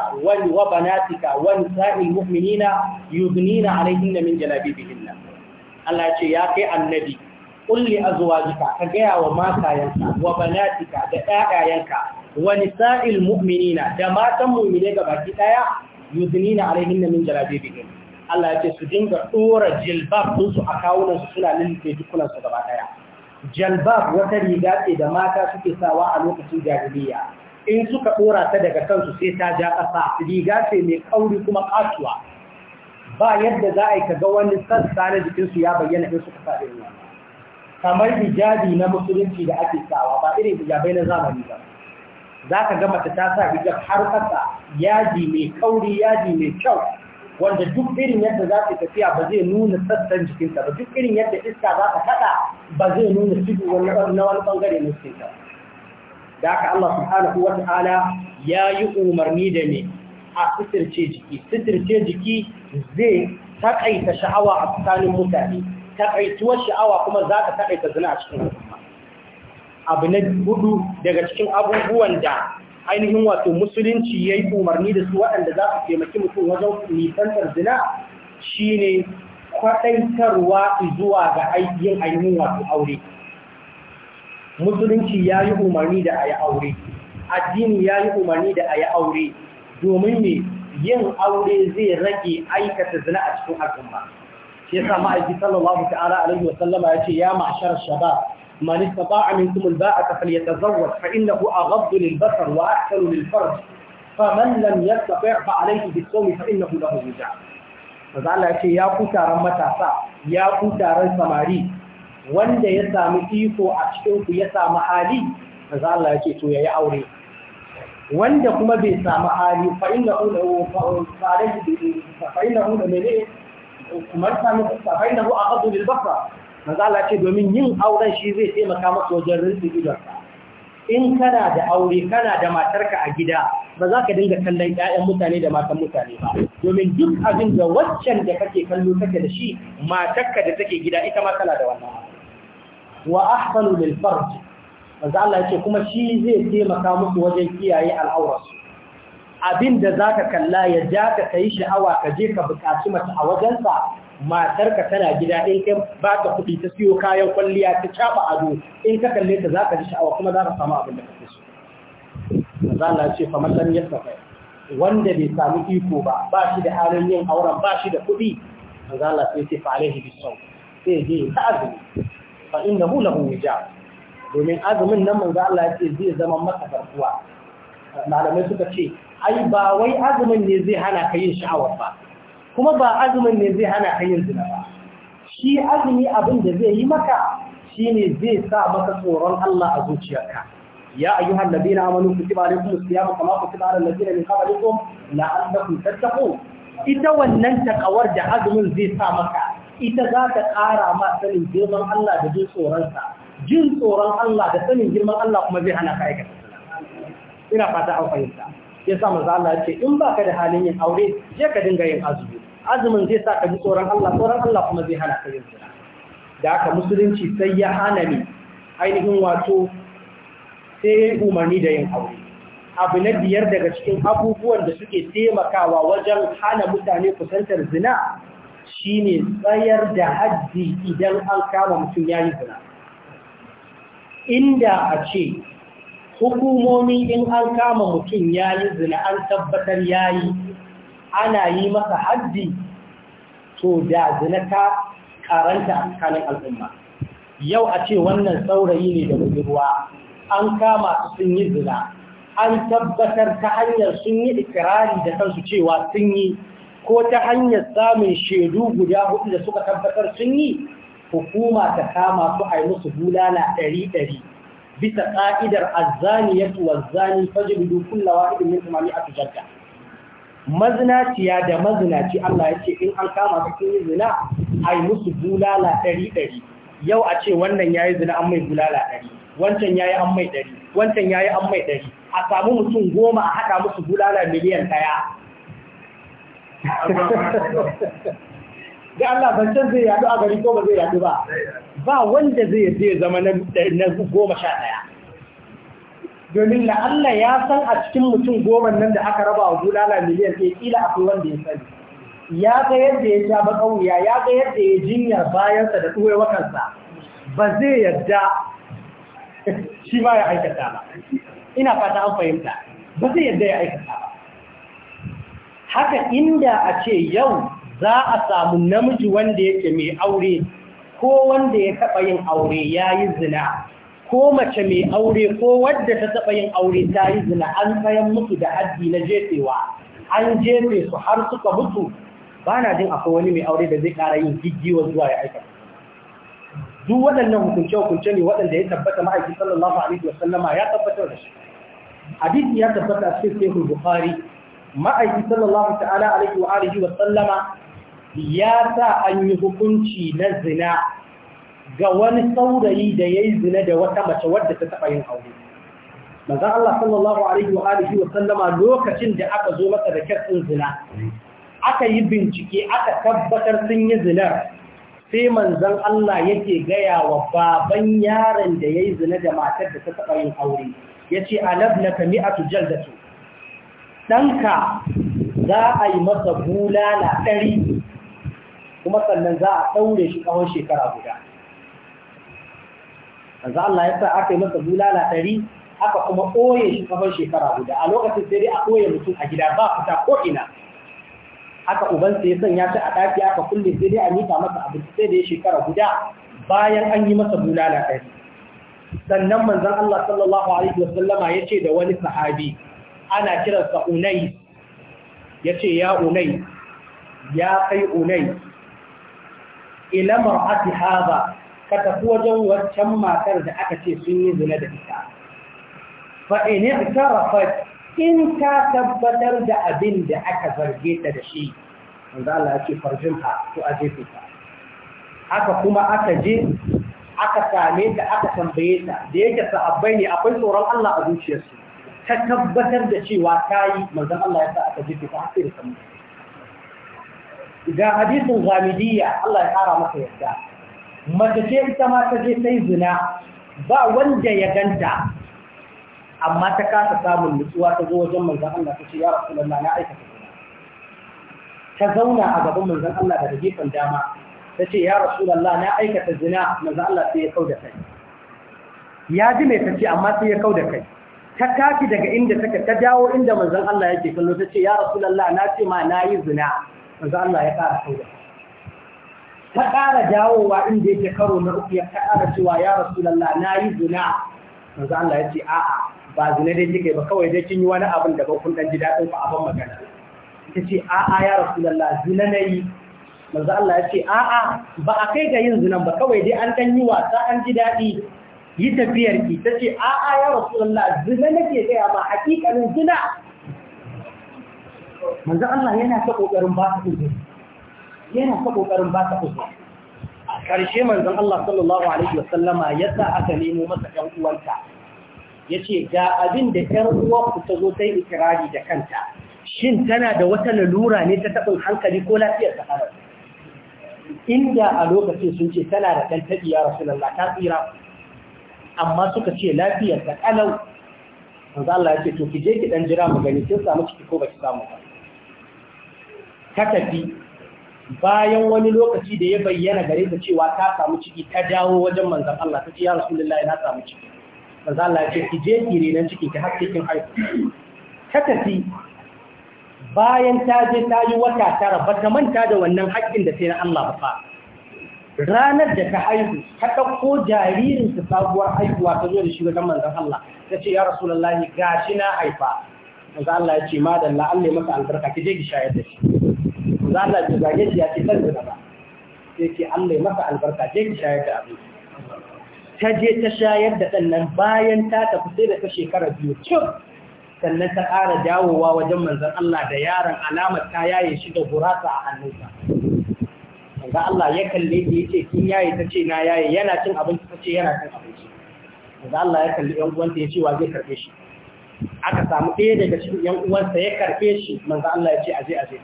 وبناتك ونساء المؤمنين يغنين عليهن من جلابيبهن الله يقول يا كي النبي قل لأزواجك كجيا وما كاينك وبناتك دقاقاينك ونساء المؤمنين دما تمؤمنين باكي دايا يغنين عليهن من جلابيبهن Allah ya ce su dinga ɗora jilbab ɗinsu a kawunansu suna lullufe jikunansu gaba ɗaya. Jalbab wata riga ce da mata suke sawa a lokacin jahiliya in suka ɗora ta daga kansu sai ta ja ƙasa riga ce mai ƙauri kuma ƙasuwa, ba yadda za a yi kaga wani sassa na jikinsu ya bayyana in suka faɗi ruwa kamar hijabi na musulunci da ake sawa ba irin hijabai na zamani ba za ka ga ta sa hijab har ƙasa yaji mai ƙauri yaji mai kyau wanda duk irin yadda za ta tafiya ba zai nuna sassan jikinta ba duk irin yadda iska za ta kaɗa ba zai nuna tudu na wani ɓangare na jikinta ba da haka Allah subhanahu wa ta'ala ya yi umarni da ni a sitirce jiki sitirce jiki zai takaita sha'awa a tsakanin mutane takaituwar sha'awa kuma za ta takaita zina a cikin al'umma abu na hudu daga cikin abubuwan da ainihin wato musulunci ya yi umarni da su waɗanda za su taimaki mutum wajen nisantar zina shine kwaɗaitarwa zuwa ga yin ainihin wato aure musulunci ya yi umarni da a yi aure addini ya yi umarni da a yi aure domin ne yin aure zai rage aikata zina a cikin al'umma shi yasa ma'aiki sallallahu ta'ala alaihi wasallama ya ce ya mashar shaba man istata'a minkum alba'ata falyatazawwaj fa innahu aghaddu lilbasar wa ahsanu lilfarj faman lam yastati' fa alayhi bisawmi fa innahu lahu wija' Allah ya ce ya ku taron matasa ya ku taron samari wanda ya samu iko a cikin ku ya samu hali za Allah yake to yayi aure wanda kuma bai samu hali fa inna hu fa'ala bi fa inna hu da mene kuma samu fa inna hu aqadu lil basra za Allah yake domin yin auren shi zai taimaka masa wajen rinsu gidan in kana da aure kana da matarka a gida ba za ka dinga kallon ƴaƴan mutane da matan mutane ba domin duk abin da waccan da kake kallo take da shi matarka da take gida ita ma kana da wannan wa ahsanu lil farj manzo Allah yace kuma shi zai taimaka musu wajen kiyaye al'aurarsu abinda zaka kalla ya ja ka kai sha'awa ka je ka buƙaci mace a wajensa matar ka tana gida in kai ba ta kuɗi ta siyo kayan kwalliya ta caba ado in ka kalle ta zaka ji sha'awa kuma za ka samu abin da kake so manzo Allah yace fa man yastafa wanda bai samu iko ba ba shi da halin yin auren ba shi da kuɗi manzo Allah sai ya ce fa alaihi bisawm sai je ta azumi fa innahu lahu wija domin azumin nan manzo Allah ya ce zai zama maka farkuwa. malamai suka ce ai ba wai azumin ne zai hana ka yin sha'awar ba kuma ba azumin ne zai hana ka yin zina ba shi azumi abin da zai yi maka shine zai sa maka tsoron Allah a zuciyarka يا أيها الذين آمنوا كتب عليكم الصيام كما كتب على الذين من قبلكم لعلكم تتقون ita wannan takawar da azumin zai sa maka ita za ta ƙara ma sanin girman Allah da jin tsoronsa jin tsoron Allah da sanin girman Allah kuma zai hana ka aikata ina fata an fahimta ya sa maza Allah ce in ba ka da halin yin aure je ka dinga yin azumi azumin zai sa ka ji tsoron Allah tsoron Allah kuma zai hana ka yin zina da haka musulunci sai ya hana ni ainihin wato sai ya yi umarni da yin aure abu na biyar daga cikin abubuwan da suke taimakawa wajen hana mutane kusantar zina shine tsayar da haddi idan an kama mutum ya yi zina inda a ce hukumomi in an kama mutum ya yi zina an tabbatar ya yi ana yi masa haddi to da zina ta karanta a tsakanin al'umma yau a ce wannan saurayi ne da ruwa, an kama su sun yi zina an tabbatar ta hanyar sun yi ikirari da kansu cewa sun yi ko ta hanyar samun shaidu guda hudu da suka tabbatar sun yi hukuma ta kama su a yi musu bulala ɗari ɗari bisa ƙa'idar azzani ya tuwa zani fajin dukkan lawa idin min tumami a tujarta mazinaciya da mazinaci Allah ya ce in an kama su sun yi zina a yi musu bulala ɗari ɗari yau a ce wannan ya yi zina an mai bulala ɗari wancan ya yi an mai ɗari wancan ya yi an mai ɗari a samu mutum goma a haɗa musu bulala miliyan ɗaya ga Allah ban san zai yadu a gari ko ba zai yadu ba ba wanda zai ya zama na goma sha ɗaya domin da Allah ya san a cikin mutum goma nan da aka raba wa bulala miliyan ke kila akwai wanda ya sani ya ga yadda ya ja bakawuya ya ga yadda ya jinyar bayansa da wakansa ba zai yadda shi ma ya aikata ba ina fata an fahimta ba zai yadda ya aikata ba haka inda a ce yau za a samu namiji wanda yake mai aure ko wanda ya taɓa yin aure ya yi zina ko mace mai aure ko wadda ta taɓa yin aure ta yi zina an tsayan musu da haddi na jefewa an jefe su har suka mutu ba na jin akwai wani mai aure da zai ƙara yin giggiwa zuwa ya aikata duk waɗannan hukunce-hukunce ne waɗanda ya tabbata ma'aikin sallallahu alaihi wasallama ya tabbatar da shi hadisi ya tabbata a cikin sahih bukhari ma'aiki sallallahu ta'ala alaihi wa alihi wa sallama ya sa an yi hukunci na zina ga wani saurayi da ya yi zina da wata mace wadda ta taɓa yin aure. Manzan Allah sallallahu alaihi wa alihi wa sallama lokacin da aka zo masa da kyatsin zina, aka yi bincike aka tabbatar sun yi zinar sai manzan Allah yake gaya wa baban yaron da ya yi zina da matar da ta taɓa yin aure. Ya ce, Alab na kami a tujal da su. ɗanka za a yi masa bulala ɗari kuma sannan za a ɗaure shi shekara guda yanzu Allah ya sa aka yi masa bulala ɗari aka kuma ɓoye shi shekara guda a lokacin sai dai a ɓoye mutum a gida ba fita ko'ina, aka ubansa ya sanya shi a ɗaki aka kulle sai dai a mika masa abinci sai dai shekara guda bayan an yi masa bulala ɗari sannan manzan Allah sallallahu alaihi wasallama ya ce da wani sahabi ana kiransa unai ya ce ya unai ya kai unai ilamar ati haza ka tafi wajen waccan matar da aka ce sun yi zina da ita fa'ini tarafat in ka tabbatar da abin da aka zarge ta da shi wanda Allah ya ce farjin ko a jefe aka kuma aka je aka same ta aka tambaye ta da yake sa'abbai ne akwai tsoron Allah a zuciyarsu ta tabbatar da cewa ta yi manzan Allah ya sa aka jirgin ta haske da samu. Ga hadisin zamidiyya Allah ya kara masa yadda, mace ce ita ma ta je sai zina ba wanda ya ganta, amma ta kasa samun nutsuwa ta zo wajen manzan Allah ta ce ya rasu lalla na aikata zina. Ta zauna a gaban manzan Allah daga gefen dama, ta ce ya rasu lalla na aikata zina manzan Allah sai ya kau da kai. Ya ji mai ta ce amma sai ya kau da kai. ta tafi daga inda take ta dawo inda manzon Allah yake kallo ta ce ya rasulullah na ce ma nayi zina manzon Allah ya ƙara sauya ta ƙara dawowa inda yake karo na uku ya ƙara cewa ya na nayi zina manzon Allah ya ce a'a ba zina dai kike ba kawai dai kin yi wani abin da ba kun dan ji dadin ku abin magana ta ce a'a ya rasulullah zina nayi manzon Allah ya ce a'a ba a kai ga yin zinan ba kawai dai an dan yi wasa an ji dadi yi tafiyar ki ta ce a a ya rasulullah zina nake gaya ma hakikanin zina manzo Allah yana ta ƙoƙarin ba ta uzuri yana ta ƙoƙarin ba ta uzuri a ƙarshe manzan Allah sallallahu alaihi wasallama yasa aka nemo masa ɗan uwanta ya ce ga abin da ƴar uwarku ta zo ta yi ikirari da kanta shin tana da wata lalura ne ta taɓin hankali ko lafiyar ta harar inda a lokacin sun ce tana da ɗan ya rasu ta tsira amma suka ce lafiyar ta kalau manzo Allah ya ce to ki je ki dan jira mu gani kin samu ciki ko baki samu ba ka tafi bayan wani lokaci da ya bayyana gare ta cewa ta samu ciki ta dawo wajen manzon Allah ta ce ya rasulullahi na samu ciki manzo Allah ya ce ki je ki renan ciki ki har kin haihu ka tafi bayan ta je ta yi wata tara ba ta manta da wannan haƙƙin da sai na Allah ba fa ranar da ka haihu ka ɗauko jaririn ka sabuwar haihuwa ta zo da shi wajen manzan Allah ta ce ya rasulullahi gashi na haifa manzon Allah ya ce madalla Allah ya maka albarka ki je ki shayar da shi manzon Allah ya zage shi ya ce san da ba sai ce Allah ya maka albarka je ki shayar da abin ta je ta shayar da sannan bayan ta tafi sai da ta shekara biyu cin sannan ta ƙara dawowa wajen manzan Allah da yaron alamar ta yaye shi da gurasa a hannunsa manzo Allah ya kalle ya yace kin yayi ta ce na yayi yana cin abinci ta ce yana cin abinci manzo Allah ya kalli yan uwanta yace wa zai karbe shi aka samu ɗaya daga cikin yan uwansa ya karbe shi manzo Allah ya ce aje aje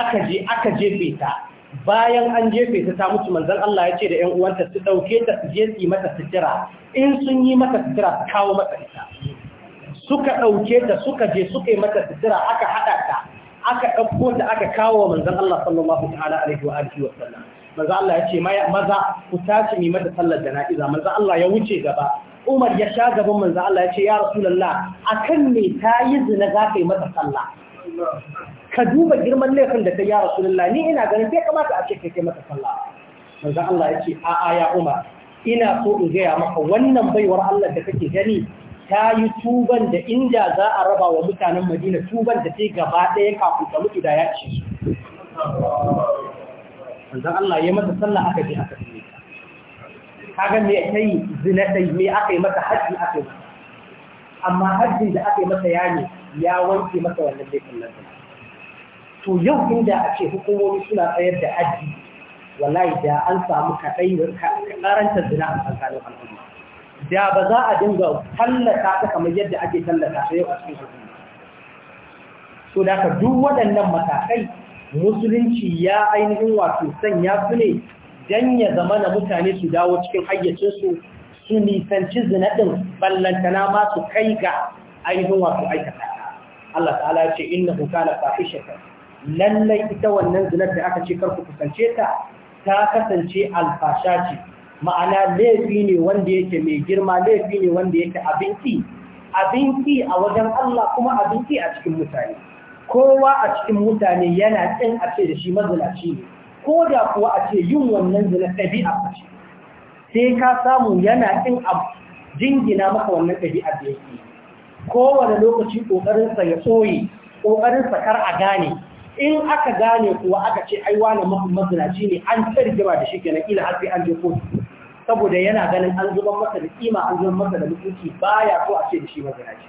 aka je aka jefe ta bayan an jefe ta ta mutu manzo Allah ya ce da 'yan uwanta su dauke ta su je su mata sitira in sun yi mata sitira su kawo mata ita suka dauke ta suka je suka yi mata sitira aka hada ta aka ɗauko da aka kawo manzon Allah sallallahu ta'ala alaihi wa alihi wa sallam manzo Allah ya ce maza ku tashi mi mata sallar jana'iza manzo Allah ya wuce gaba Umar ya sha gaban manzo Allah ya ce ya Rasulullah akan me ta yi zina za ka yi mata sallah ka duba girman laifin da ta ya Rasulullah ni ina ganin bai kamata a ce kai mata sallah manzo Allah ya ce a'a ya Umar ina so in gaya maka wannan baiwar Allah da kake gani ta yi tuban da inda za a raba wa mutanen madina tuban da ta yi gaba ɗaya kafin ka mutu da ya ce su wanzan Allah ya mata sallah aka ji aka nika. Ka ga me ta yi zina yi me aka yi mata hajji aka yi amma hajjin da aka yi mata ya ne ya wanke masa wannan laifin nan to yau inda a ce hukumomi suna tsayar da hajji wallahi da an samu kaɗai ƙaranta zina a tsakanin al'umma da ba za a dinga tallata ta kamar yadda ake tallata ta yau a cikin hukumi so da ka duk waɗannan matakai musulunci ya ainihin wato sanya su ne don ya zama na mutane su dawo cikin hayyacinsu su nisanci zinaɗin ballantana nama su kai ga ainihin wato aikata Allah ta'ala ya ce inna hukana fahishata lallai ita wannan zinar da aka ce karku kusance ta ta kasance alfasha ce ma'ana laifi ne wanda yake mai girma laifi ne wanda yake abinci abinci a wajen Allah kuma abinci a cikin mutane kowa a cikin mutane yana tsin a ce da shi mazalaci ne ko da kuwa a ce yin wannan zina ɗabi'a a ce sai ka samu yana tsin a jingina maka wannan ɗabi'a da yake kowane lokaci ƙoƙarinsa ya tsoye ƙoƙarinsa kar a gane in aka gane kuwa aka ce aiwa na mazalaci ne an gaba da shi kenan ila har sai an je kotu saboda yana ganin an zuban masa da kima an zuban masa da mutunci baya so a ce da shi mazinaci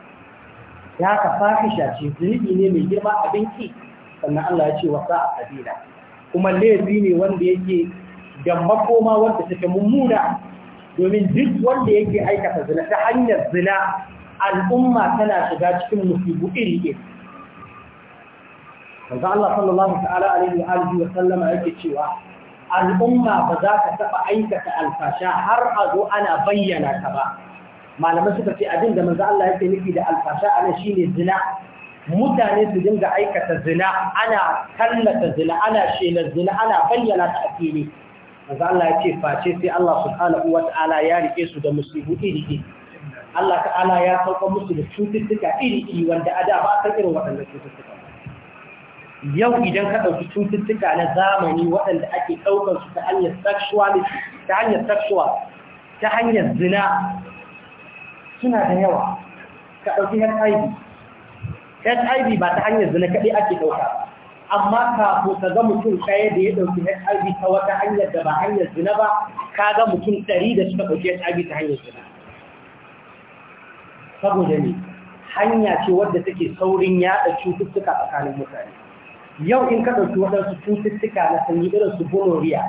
ya ka fahisha ce zunubi ne mai girma abin ki sannan Allah ya ce wasa a kabila kuma laifi ne wanda yake da makoma wanda take mummuna domin duk wanda yake aikata zina ta hanyar zina al'umma tana shiga cikin musibu iri iri Allah sallallahu ta'ala alaihi wa wa sallama yake cewa al'umma ba za ka taɓa aikata alfasha har a zo ana bayyana ka ba malamai suka ce abin da manzo Allah yake nufi da alfasha ana shine zina mutane su dinga aikata zina ana tallata zina ana shela zina ana bayyana ta a fili manzo Allah yake face sai Allah subhanahu wata'ala ya rike su da musibu iri Allah ta'ala ya sauka musu da cututtuka iri iri wanda a da ba san irin waɗannan cututtuka yau idan ka ɗauki cututtuka na zamani waɗanda ake ɗaukar ta hanyar sexuality ta hanyar sexual ta hanyar zina suna da yawa ka ɗauki HIV HIV ba ta hanyar zina kaɗai ake ɗauka amma kafin ka ga mutum ɗaya da ya ɗauki HIV ta wata hanyar da ba hanyar zina ba ka ga mutum ɗari da suka ɗauki HIV ta hanyar zina saboda ne hanya ce wadda take saurin yaɗa cututtuka tsakanin mutane yau in ka ɗauki waɗansu cututtuka na sanyi irin su gonoriya,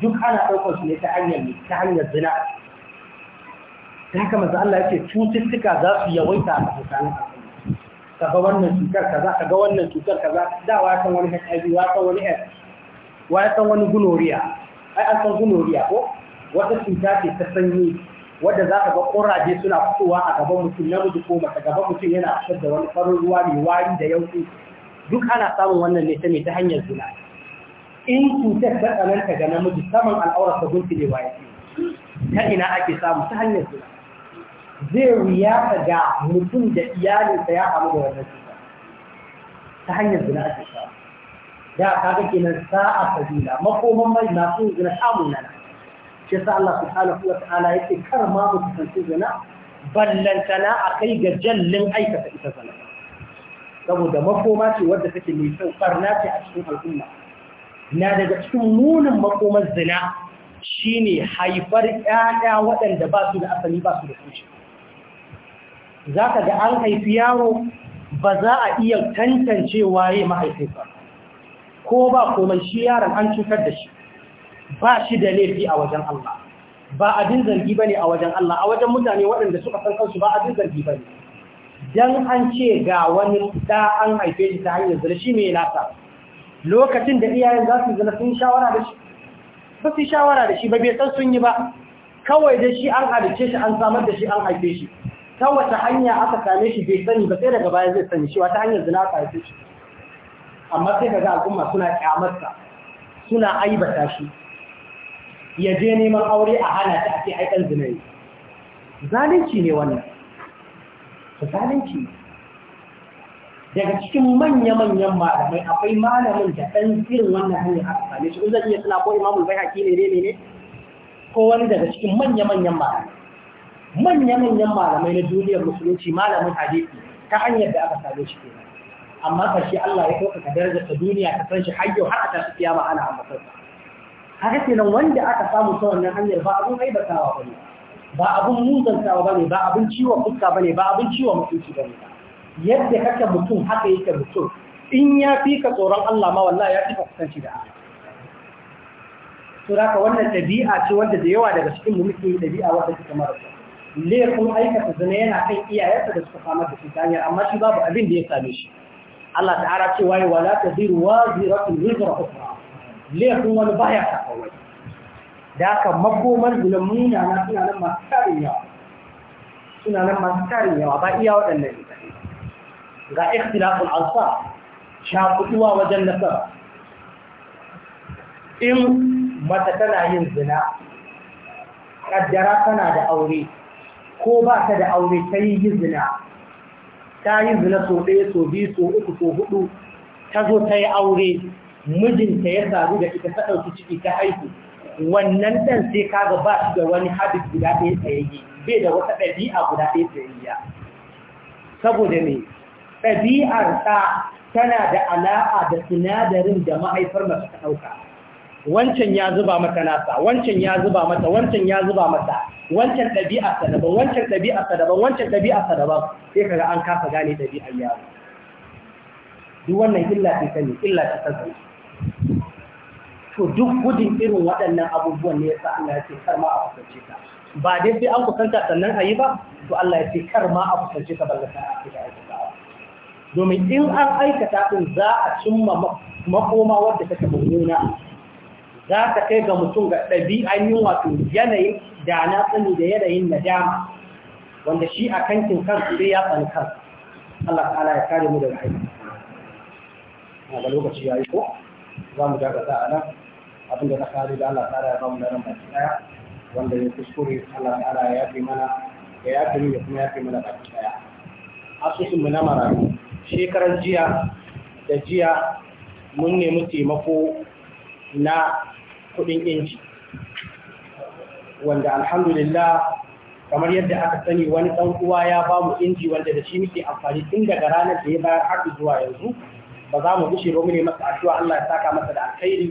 duk ana ɗaukar su ne ta hanyar ta hanyar zina ta haka maza Allah ya ce cututtuka za su yawaita a tsakanin ka ga wannan cutar kaza ka ga wannan cutar kaza da wa san wani HIV wa san wani AIDS wa san wani gonorrhea ai an san gonorrhea ko wata cuta ce ta sanyi wadda za ka ga ƙoraje suna fitowa a gaban mutum namiji ko mace gaban mutum yana fitar da wani farin ruwa mai wari da yauƙi duk ana samun wannan ne ta ne ta hanyar zina in cutar ta tsananta ga namiji saman al'aurar ta gunti ne baya ta ina ake samu ta hanyar zina zai wuya ka ga mutum da iyalinsa ya samu da wannan cuta ta hanyar zina ake samu da ka ga kenan sa'a sabila makoman mai masu zina samun nan shi sa Allah subhanahu wa ta'ala yake kar ma mutum zina ballantana a kai ga jallin aikata ita zalama saboda makoma ce wadda take mai kyau barna ce a cikin al'umma na daga cikin munin makomar zina shine haifar ƴaƴa waɗanda ba su da asali ba su da tushe za ka ga an haifi yaro ba za a iya tantance waye mahaifinsa ko ba komai shi yaron an cutar da shi ba shi da laifi a wajen Allah ba abin zargi bane a wajen Allah a wajen mutane waɗanda suka san kansu ba abin zargi bane. Idan an ce ga wani da an haife shi ta hanyar zina shi mai nasa lokacin da iyayen za su zina sun shawara da shi ba su shawara da shi ba bai san sun yi ba kawai da shi an halice shi an samar da shi an haife shi ta wata hanya aka same shi bai sani ba sai daga baya zai sani shi wata hanyar zina aka haife shi amma sai kaga al'umma suna kyamarsa suna aibata shi ya je neman aure a hana ta a ce aikan zina zalunci ne wannan zalunci daga cikin manya-manyan malamai akwai malamin da ɗan irin wannan hanyar aka same shi zan iya suna ko imamu bai haƙi ne ne ne ko wani daga cikin manya-manyan malamai manya-manyan malamai na duniyar musulunci malamin hadisi ta hanyar da aka same shi kenan amma kashi Allah ya ɗaukaka daraja ta duniya ta san shi har yau har a tashi kiyama ana ambatar haka kenan wanda aka samu ta wannan hanyar ba abun aibata ba ne ba abin muzantawa ba ne ba abin ciwon fuska ba ne ba abin ciwon mutunci ba ne yadda kake mutum haka yake mutum in ya fi ka tsoron Allah ma wallahi ya fi ka kusanci da Allah to da wannan ɗabi'a ce wanda da yawa daga cikin mulkin muke yi ɗabi'a wanda take mara kyau laifin aikata zina yana kan iyayarsa da suka samar da shi amma shi babu abin da ya same shi Allah ta'ala ce waye wala tadiru wa ziratun wizra ukhra laifin wani baya ta kawai da haka makomar gulamu muna na suna nan masu tarin yawa suna nan masu tarin yawa ba iya waɗannan ne ga ikhtilafin alfa shafuɗuwa wajen nasara in mata tana yin zina ƙaddara tana da aure ko ba ta da aure ta yi yi zina ta yi zina so ɗaya so biyu so uku so hudu ta zo ta yi aure mijinta ya sadu da ita ta ɗauki ciki ta haihu wannan ɗan sai kaga ba su da wani habit guda ɗaya tsayayye bai da wata ɗabi'a guda ɗaya tsayayya saboda ne ɗabi'ar ta tana da ala'a da sinadarin da mahaifar masu ta ɗauka wancan ya zuba mata nasa wancan ya zuba mata wancan ya zuba mata wancan ɗabi'a ta daban wancan ɗabi'a ta daban wancan ɗabi'a ta daban sai kaga an kafa gane ɗabi'ar yaro duk wannan illa ce ta ne illa ta kasance to duk gudun irin waɗannan abubuwan ne sa Allah ya ce kar ma a kusance ka ba dai sai an kusanta sannan a yi ba to Allah ya ce kar ma a kusance ka balla ta ake da aikatawa domin in an aikata din za a cimma makoma wadda taɓa nuna za ta kai ga mutum ga ɗabi'an yin wato yanayin da na tsani da yanayin nadama wanda shi a kankin kansu sai ya tsani kansu Allah ta'ala ya kare mu daga aiki. Na ga lokaci ya yi ko za mu dakata a nan. abin da ta faru da Allah tsara ya ba mu da ran baki daya wanda ya kuskure Allah tsara ya fi mana ya fi mu ya kuma fi mana baki daya asusun mu na marayu Shekarar jiya da jiya mun nemi taimako na kuɗin inji wanda alhamdulillah kamar yadda aka sani wani ɗan uwa ya ba mu inji wanda da shi muke amfani tun daga ranar da ya bayar har zuwa yanzu ba za mu gushe ba mu ne masa addu'a Allah ya saka masa da alkhairi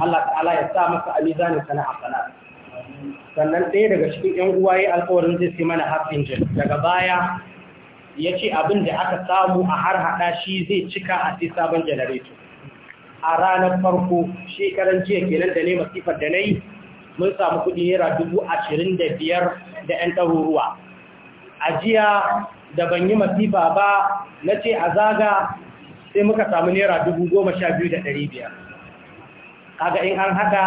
Allah ta'ala ya sa masa a mizanin sana hasana sannan ɗaya daga cikin ƴan uwa ya alƙawarin zai sai mana half injin daga baya ya ce abin da aka samu a har haɗa shi zai cika a sai sabon janareto a ranar farko shekaran jiya kenan da ne masifar da na yi mun samu kuɗi naira dubu ashirin da biyar da ‘yan ɗaruruwa a jiya da ban yi masifa ba na ce a zaga sai muka samu naira dubu goma sha biyu da ɗari biyar kaga in an haɗa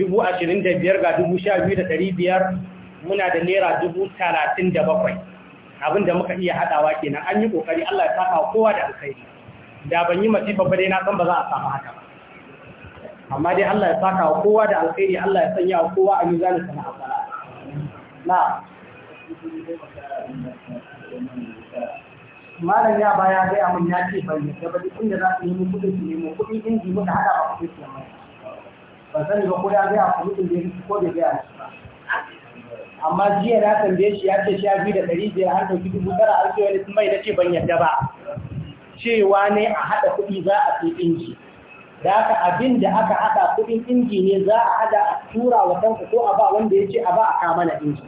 dubu ashirin da biyar ga dubu sha biyu da ɗari biyar muna da naira dubu talatin da bakwai abin da muka iya haɗawa kenan an yi ƙoƙari allah ya saka kowa da alkhairi da ban yi mace babba dai na san ba za a samu haka ba amma dai allah ya saka kowa da alkhairi allah ya sanya kowa a mizanin sana'a na malam ya baya ga amin ya ce bai yadda ba duk inda za su nemi kuɗin su nemi kuɗin inji muka haɗa ba ku su mai ba sani ba ko ya ga a kuɗin da ya ko da ga amma jiya na tambaye shi ya ce sha biyu da ɗari biyar har da dubu tara har ce wani mai na ce ban yadda ba cewa ne a haɗa kuɗi za a fi inji da aka abin da aka haɗa kuɗin inji ne za a haɗa a tura wa kanka ko a ba wanda ya ce a ba a kama na inji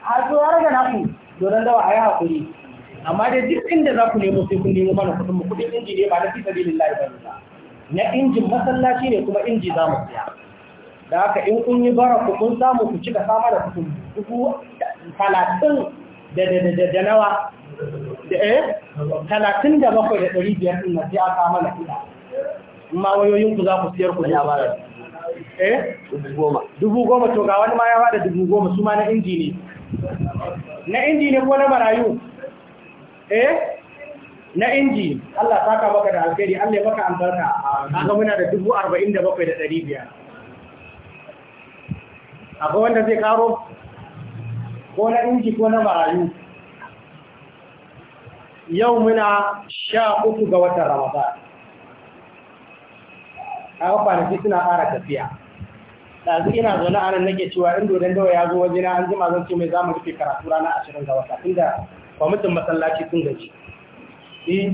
har zuwa ya na ku don dawa a yi haƙuri amma dai duk inda za ku nemo sai kun nemo mana kuɗin mu kuɗin inji ne ba na fi sabilillahi ba na injin masallaci ne kuma inji za mu siya da haka in kun yi bara ku kun samu ku cika sama da kuɗin dubu talatin da da da da nawa da eh talatin da bakwai da ɗari biyar ɗin na sai a kama na kuɗa wayoyin ku za ku siyar ku ya bara eh dubu goma to ga wani ma ya bada dubu goma su ma na inji ne na inji ne ko na marayu eh na inji Allah ka maka da alkhairi Allah ya maka albarka kaga muna da 47500 akwai wanda zai karo ko na inji ko na marayu yau muna sha uku ga watan ramadan kaga kwanaki suna ƙara tafiya ɗazu ina zaune a nan nake cewa in dodon dawa ya zo wajena an jima zan ce mai zamu rufe karatu ranar 20 ga wata inda mutum masallaci sun gaji eh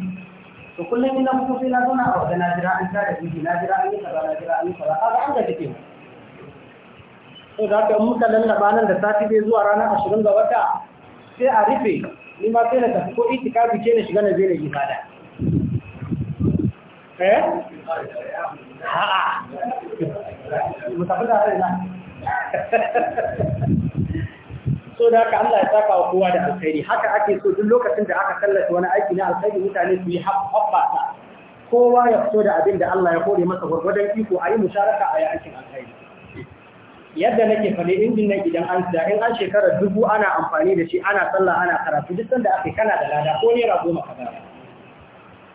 to kullum ina fito sai na zauna a waje na jira an tare biki na jira an yi kaza na jira an yi kaza kaga an gaji ke to da haka in muka lallaba da sati bai zuwa ranar ashirin ga wata sai a rufe ni ma sai na tafi ko itikafi ce na shiga na zai na ibada eh a'a mu tafi da rai na so da haka Allah ya saka wa kowa da alkhairi haka ake so duk lokacin da aka tallata wani aiki na alkhairi mutane su yi ta kowa ya fito da abin da Allah ya kore masa gwargwadon iko a yi musharaka a yi aikin alkhairi yadda nake fale injin nan idan an da in an shekarar dubu ana amfani da shi ana sallah ana karatu duk sanda aka kana da lada ko naira goma ka da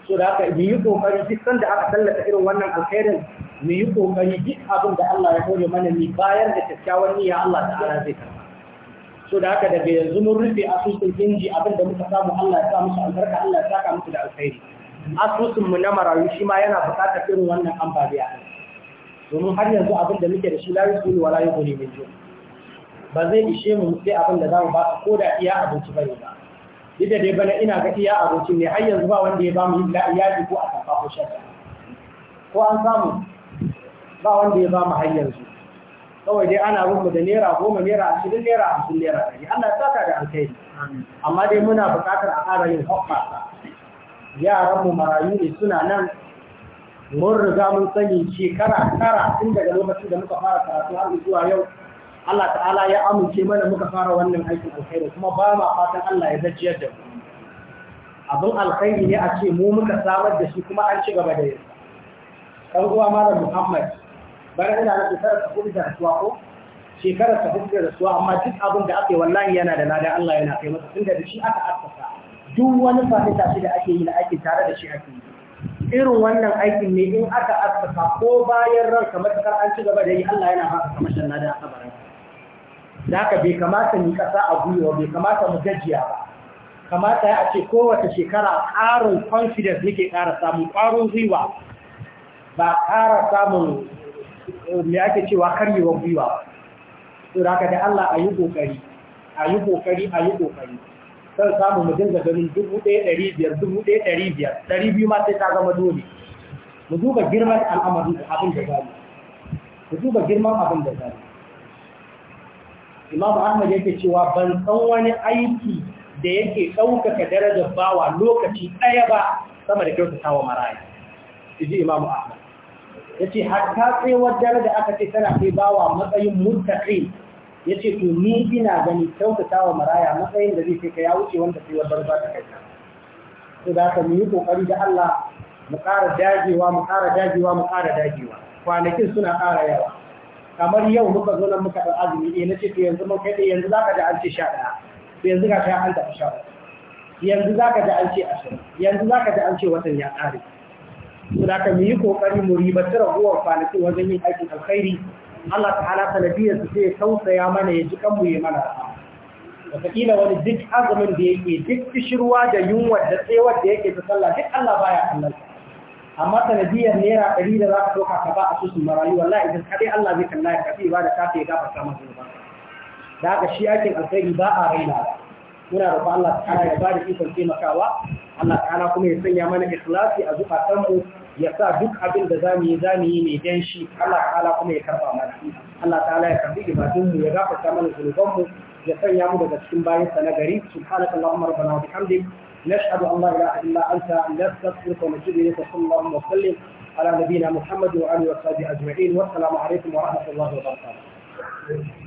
so da haka mu yi kokari duk sanda aka tallata irin wannan alkhairin mu yi kokari duk abin da Allah ya kore mana ni bayar da kyakkyawan niyya Allah ta'ala zai karɓa so da haka daga yanzu mun rufe asusun inji abin da muka samu Allah ya sa musu albarka Allah ya saka musu da alkhairi asusun mu na marayu shi ma yana buƙatar irin wannan ambaliya domin har yanzu abin da muke da shi la yusulu wala yughni min ju ba zai ishe mu sai abin da zamu ba ko da iya abinci ne ba duk da dai bana ina ga iya abinci ne har yanzu ba wanda ya ba mu iyali ko a tafa ko shaka ko an samu ba wanda ya ba mu har yanzu kawai dai ana rubuta da naira goma naira ashirin naira hamsin naira ɗari Allah ya saka da alkhairi amma dai muna buƙatar a ƙara yin hoɓɓasa yaran mu marayu ne suna nan mun riga mun sani shekara tara tun daga lokacin da muka fara karatu har zuwa yau Allah ta'ala ya amince mana muka fara wannan aikin alkhairi kuma ba ma fatan Allah ya zajiyar da mu abin alkhairi ne a ce mu muka samar da shi kuma an ci gaba da yin ɗan uwa malam Muhammad bara ina na shekarar ta hudu da rasuwa ko shekarar ta hudu da rasuwa amma duk abin da ake wallahi yana da lada Allah yana kai masa tunda da shi aka assasa duk wani fahimta shi da ake yi na aikin tare da shi ake yi irin wannan aikin ne in aka assasa ko bayan ranka matakar an ci gaba da yi Allah yana baka kamashin lada a kabarin da haka bai kamata mu kasa a gwiwa bai kamata mu gajiya ba kamata ya ce kowace shekara ƙarin confidence nake ƙara samun ƙwarin gwiwa ba ƙara samun me ake cewa karyewar gwiwa to haka da Allah a yi kokari a yi kokari a yi kokari sai samu mu dinga ganin 1500 1500 biyu ma sai ta zama dole mu duba girman al'amarin abin da zamu mu duba girman abin da zamu Imam Ahmad yake cewa ban san wani aiki da yake ɗaukaka darajar bawa lokaci ɗaya ba sama da kyautatawa marayu. Iji Imam Ahmad. yace hatta tsewar dare da aka ce tana kai bawa matsayin Ya yace to ni ina gani wa maraya matsayin da zai kai ka ya wuce wanda tsayawar dare ba ta kai ka to da ka yi kokari da Allah mu ƙara dagewa mu ƙara dagewa mu ƙara dagewa kwanakin suna ƙara yawa kamar yau muka zo nan muka ɗan azumi eh na ce to yanzu mun kai yanzu zaka da an ce sha ɗaya to yanzu ga ta an tafi sha yanzu zaka da an ce ashirin yanzu zaka da an ce watan ya ƙare to mu yi kokari mu ribatar ragowar kwanaki wajen yin aikin alkhairi Allah ta'ala sanadiyar su sai tausaya mana ya ji kanmu ya mana wataƙila wani duk azumin da yake duk kishirwa da yunwa da tsewar da yake ta sallah duk Allah baya kallon amma sanadiyar naira ɗari da za ka ɗauka ka ba a susun marayu wallahi idan kaɗai Allah zai kalla ya kafi ba da kafe ya gafarta masa ba da haka shi aikin alkhairi ba a raina muna roƙon Allah ta'ala ya ba da ikon taimakawa Allah ta'ala kuma ya sanya mana ikhlasi a zukatanmu ya sa duk abin da zamu yi zamu yi mai dan Allah ta'ala kuma ya karba mana Allah ta'ala ya karbi ibadun mu ya gafarta mana zunuban mu ya sanya mu daga cikin bayan sa na gari subhanaka allahumma rabbana wa bihamdik nashhadu an la ilaha illa anta nastaghfiruka wa natubu ilayka sallallahu wa sallim ala nabiyyina muhammad wa alihi wa sahbihi ajma'in wa assalamu alaikum wa rahmatullahi wa barakatuh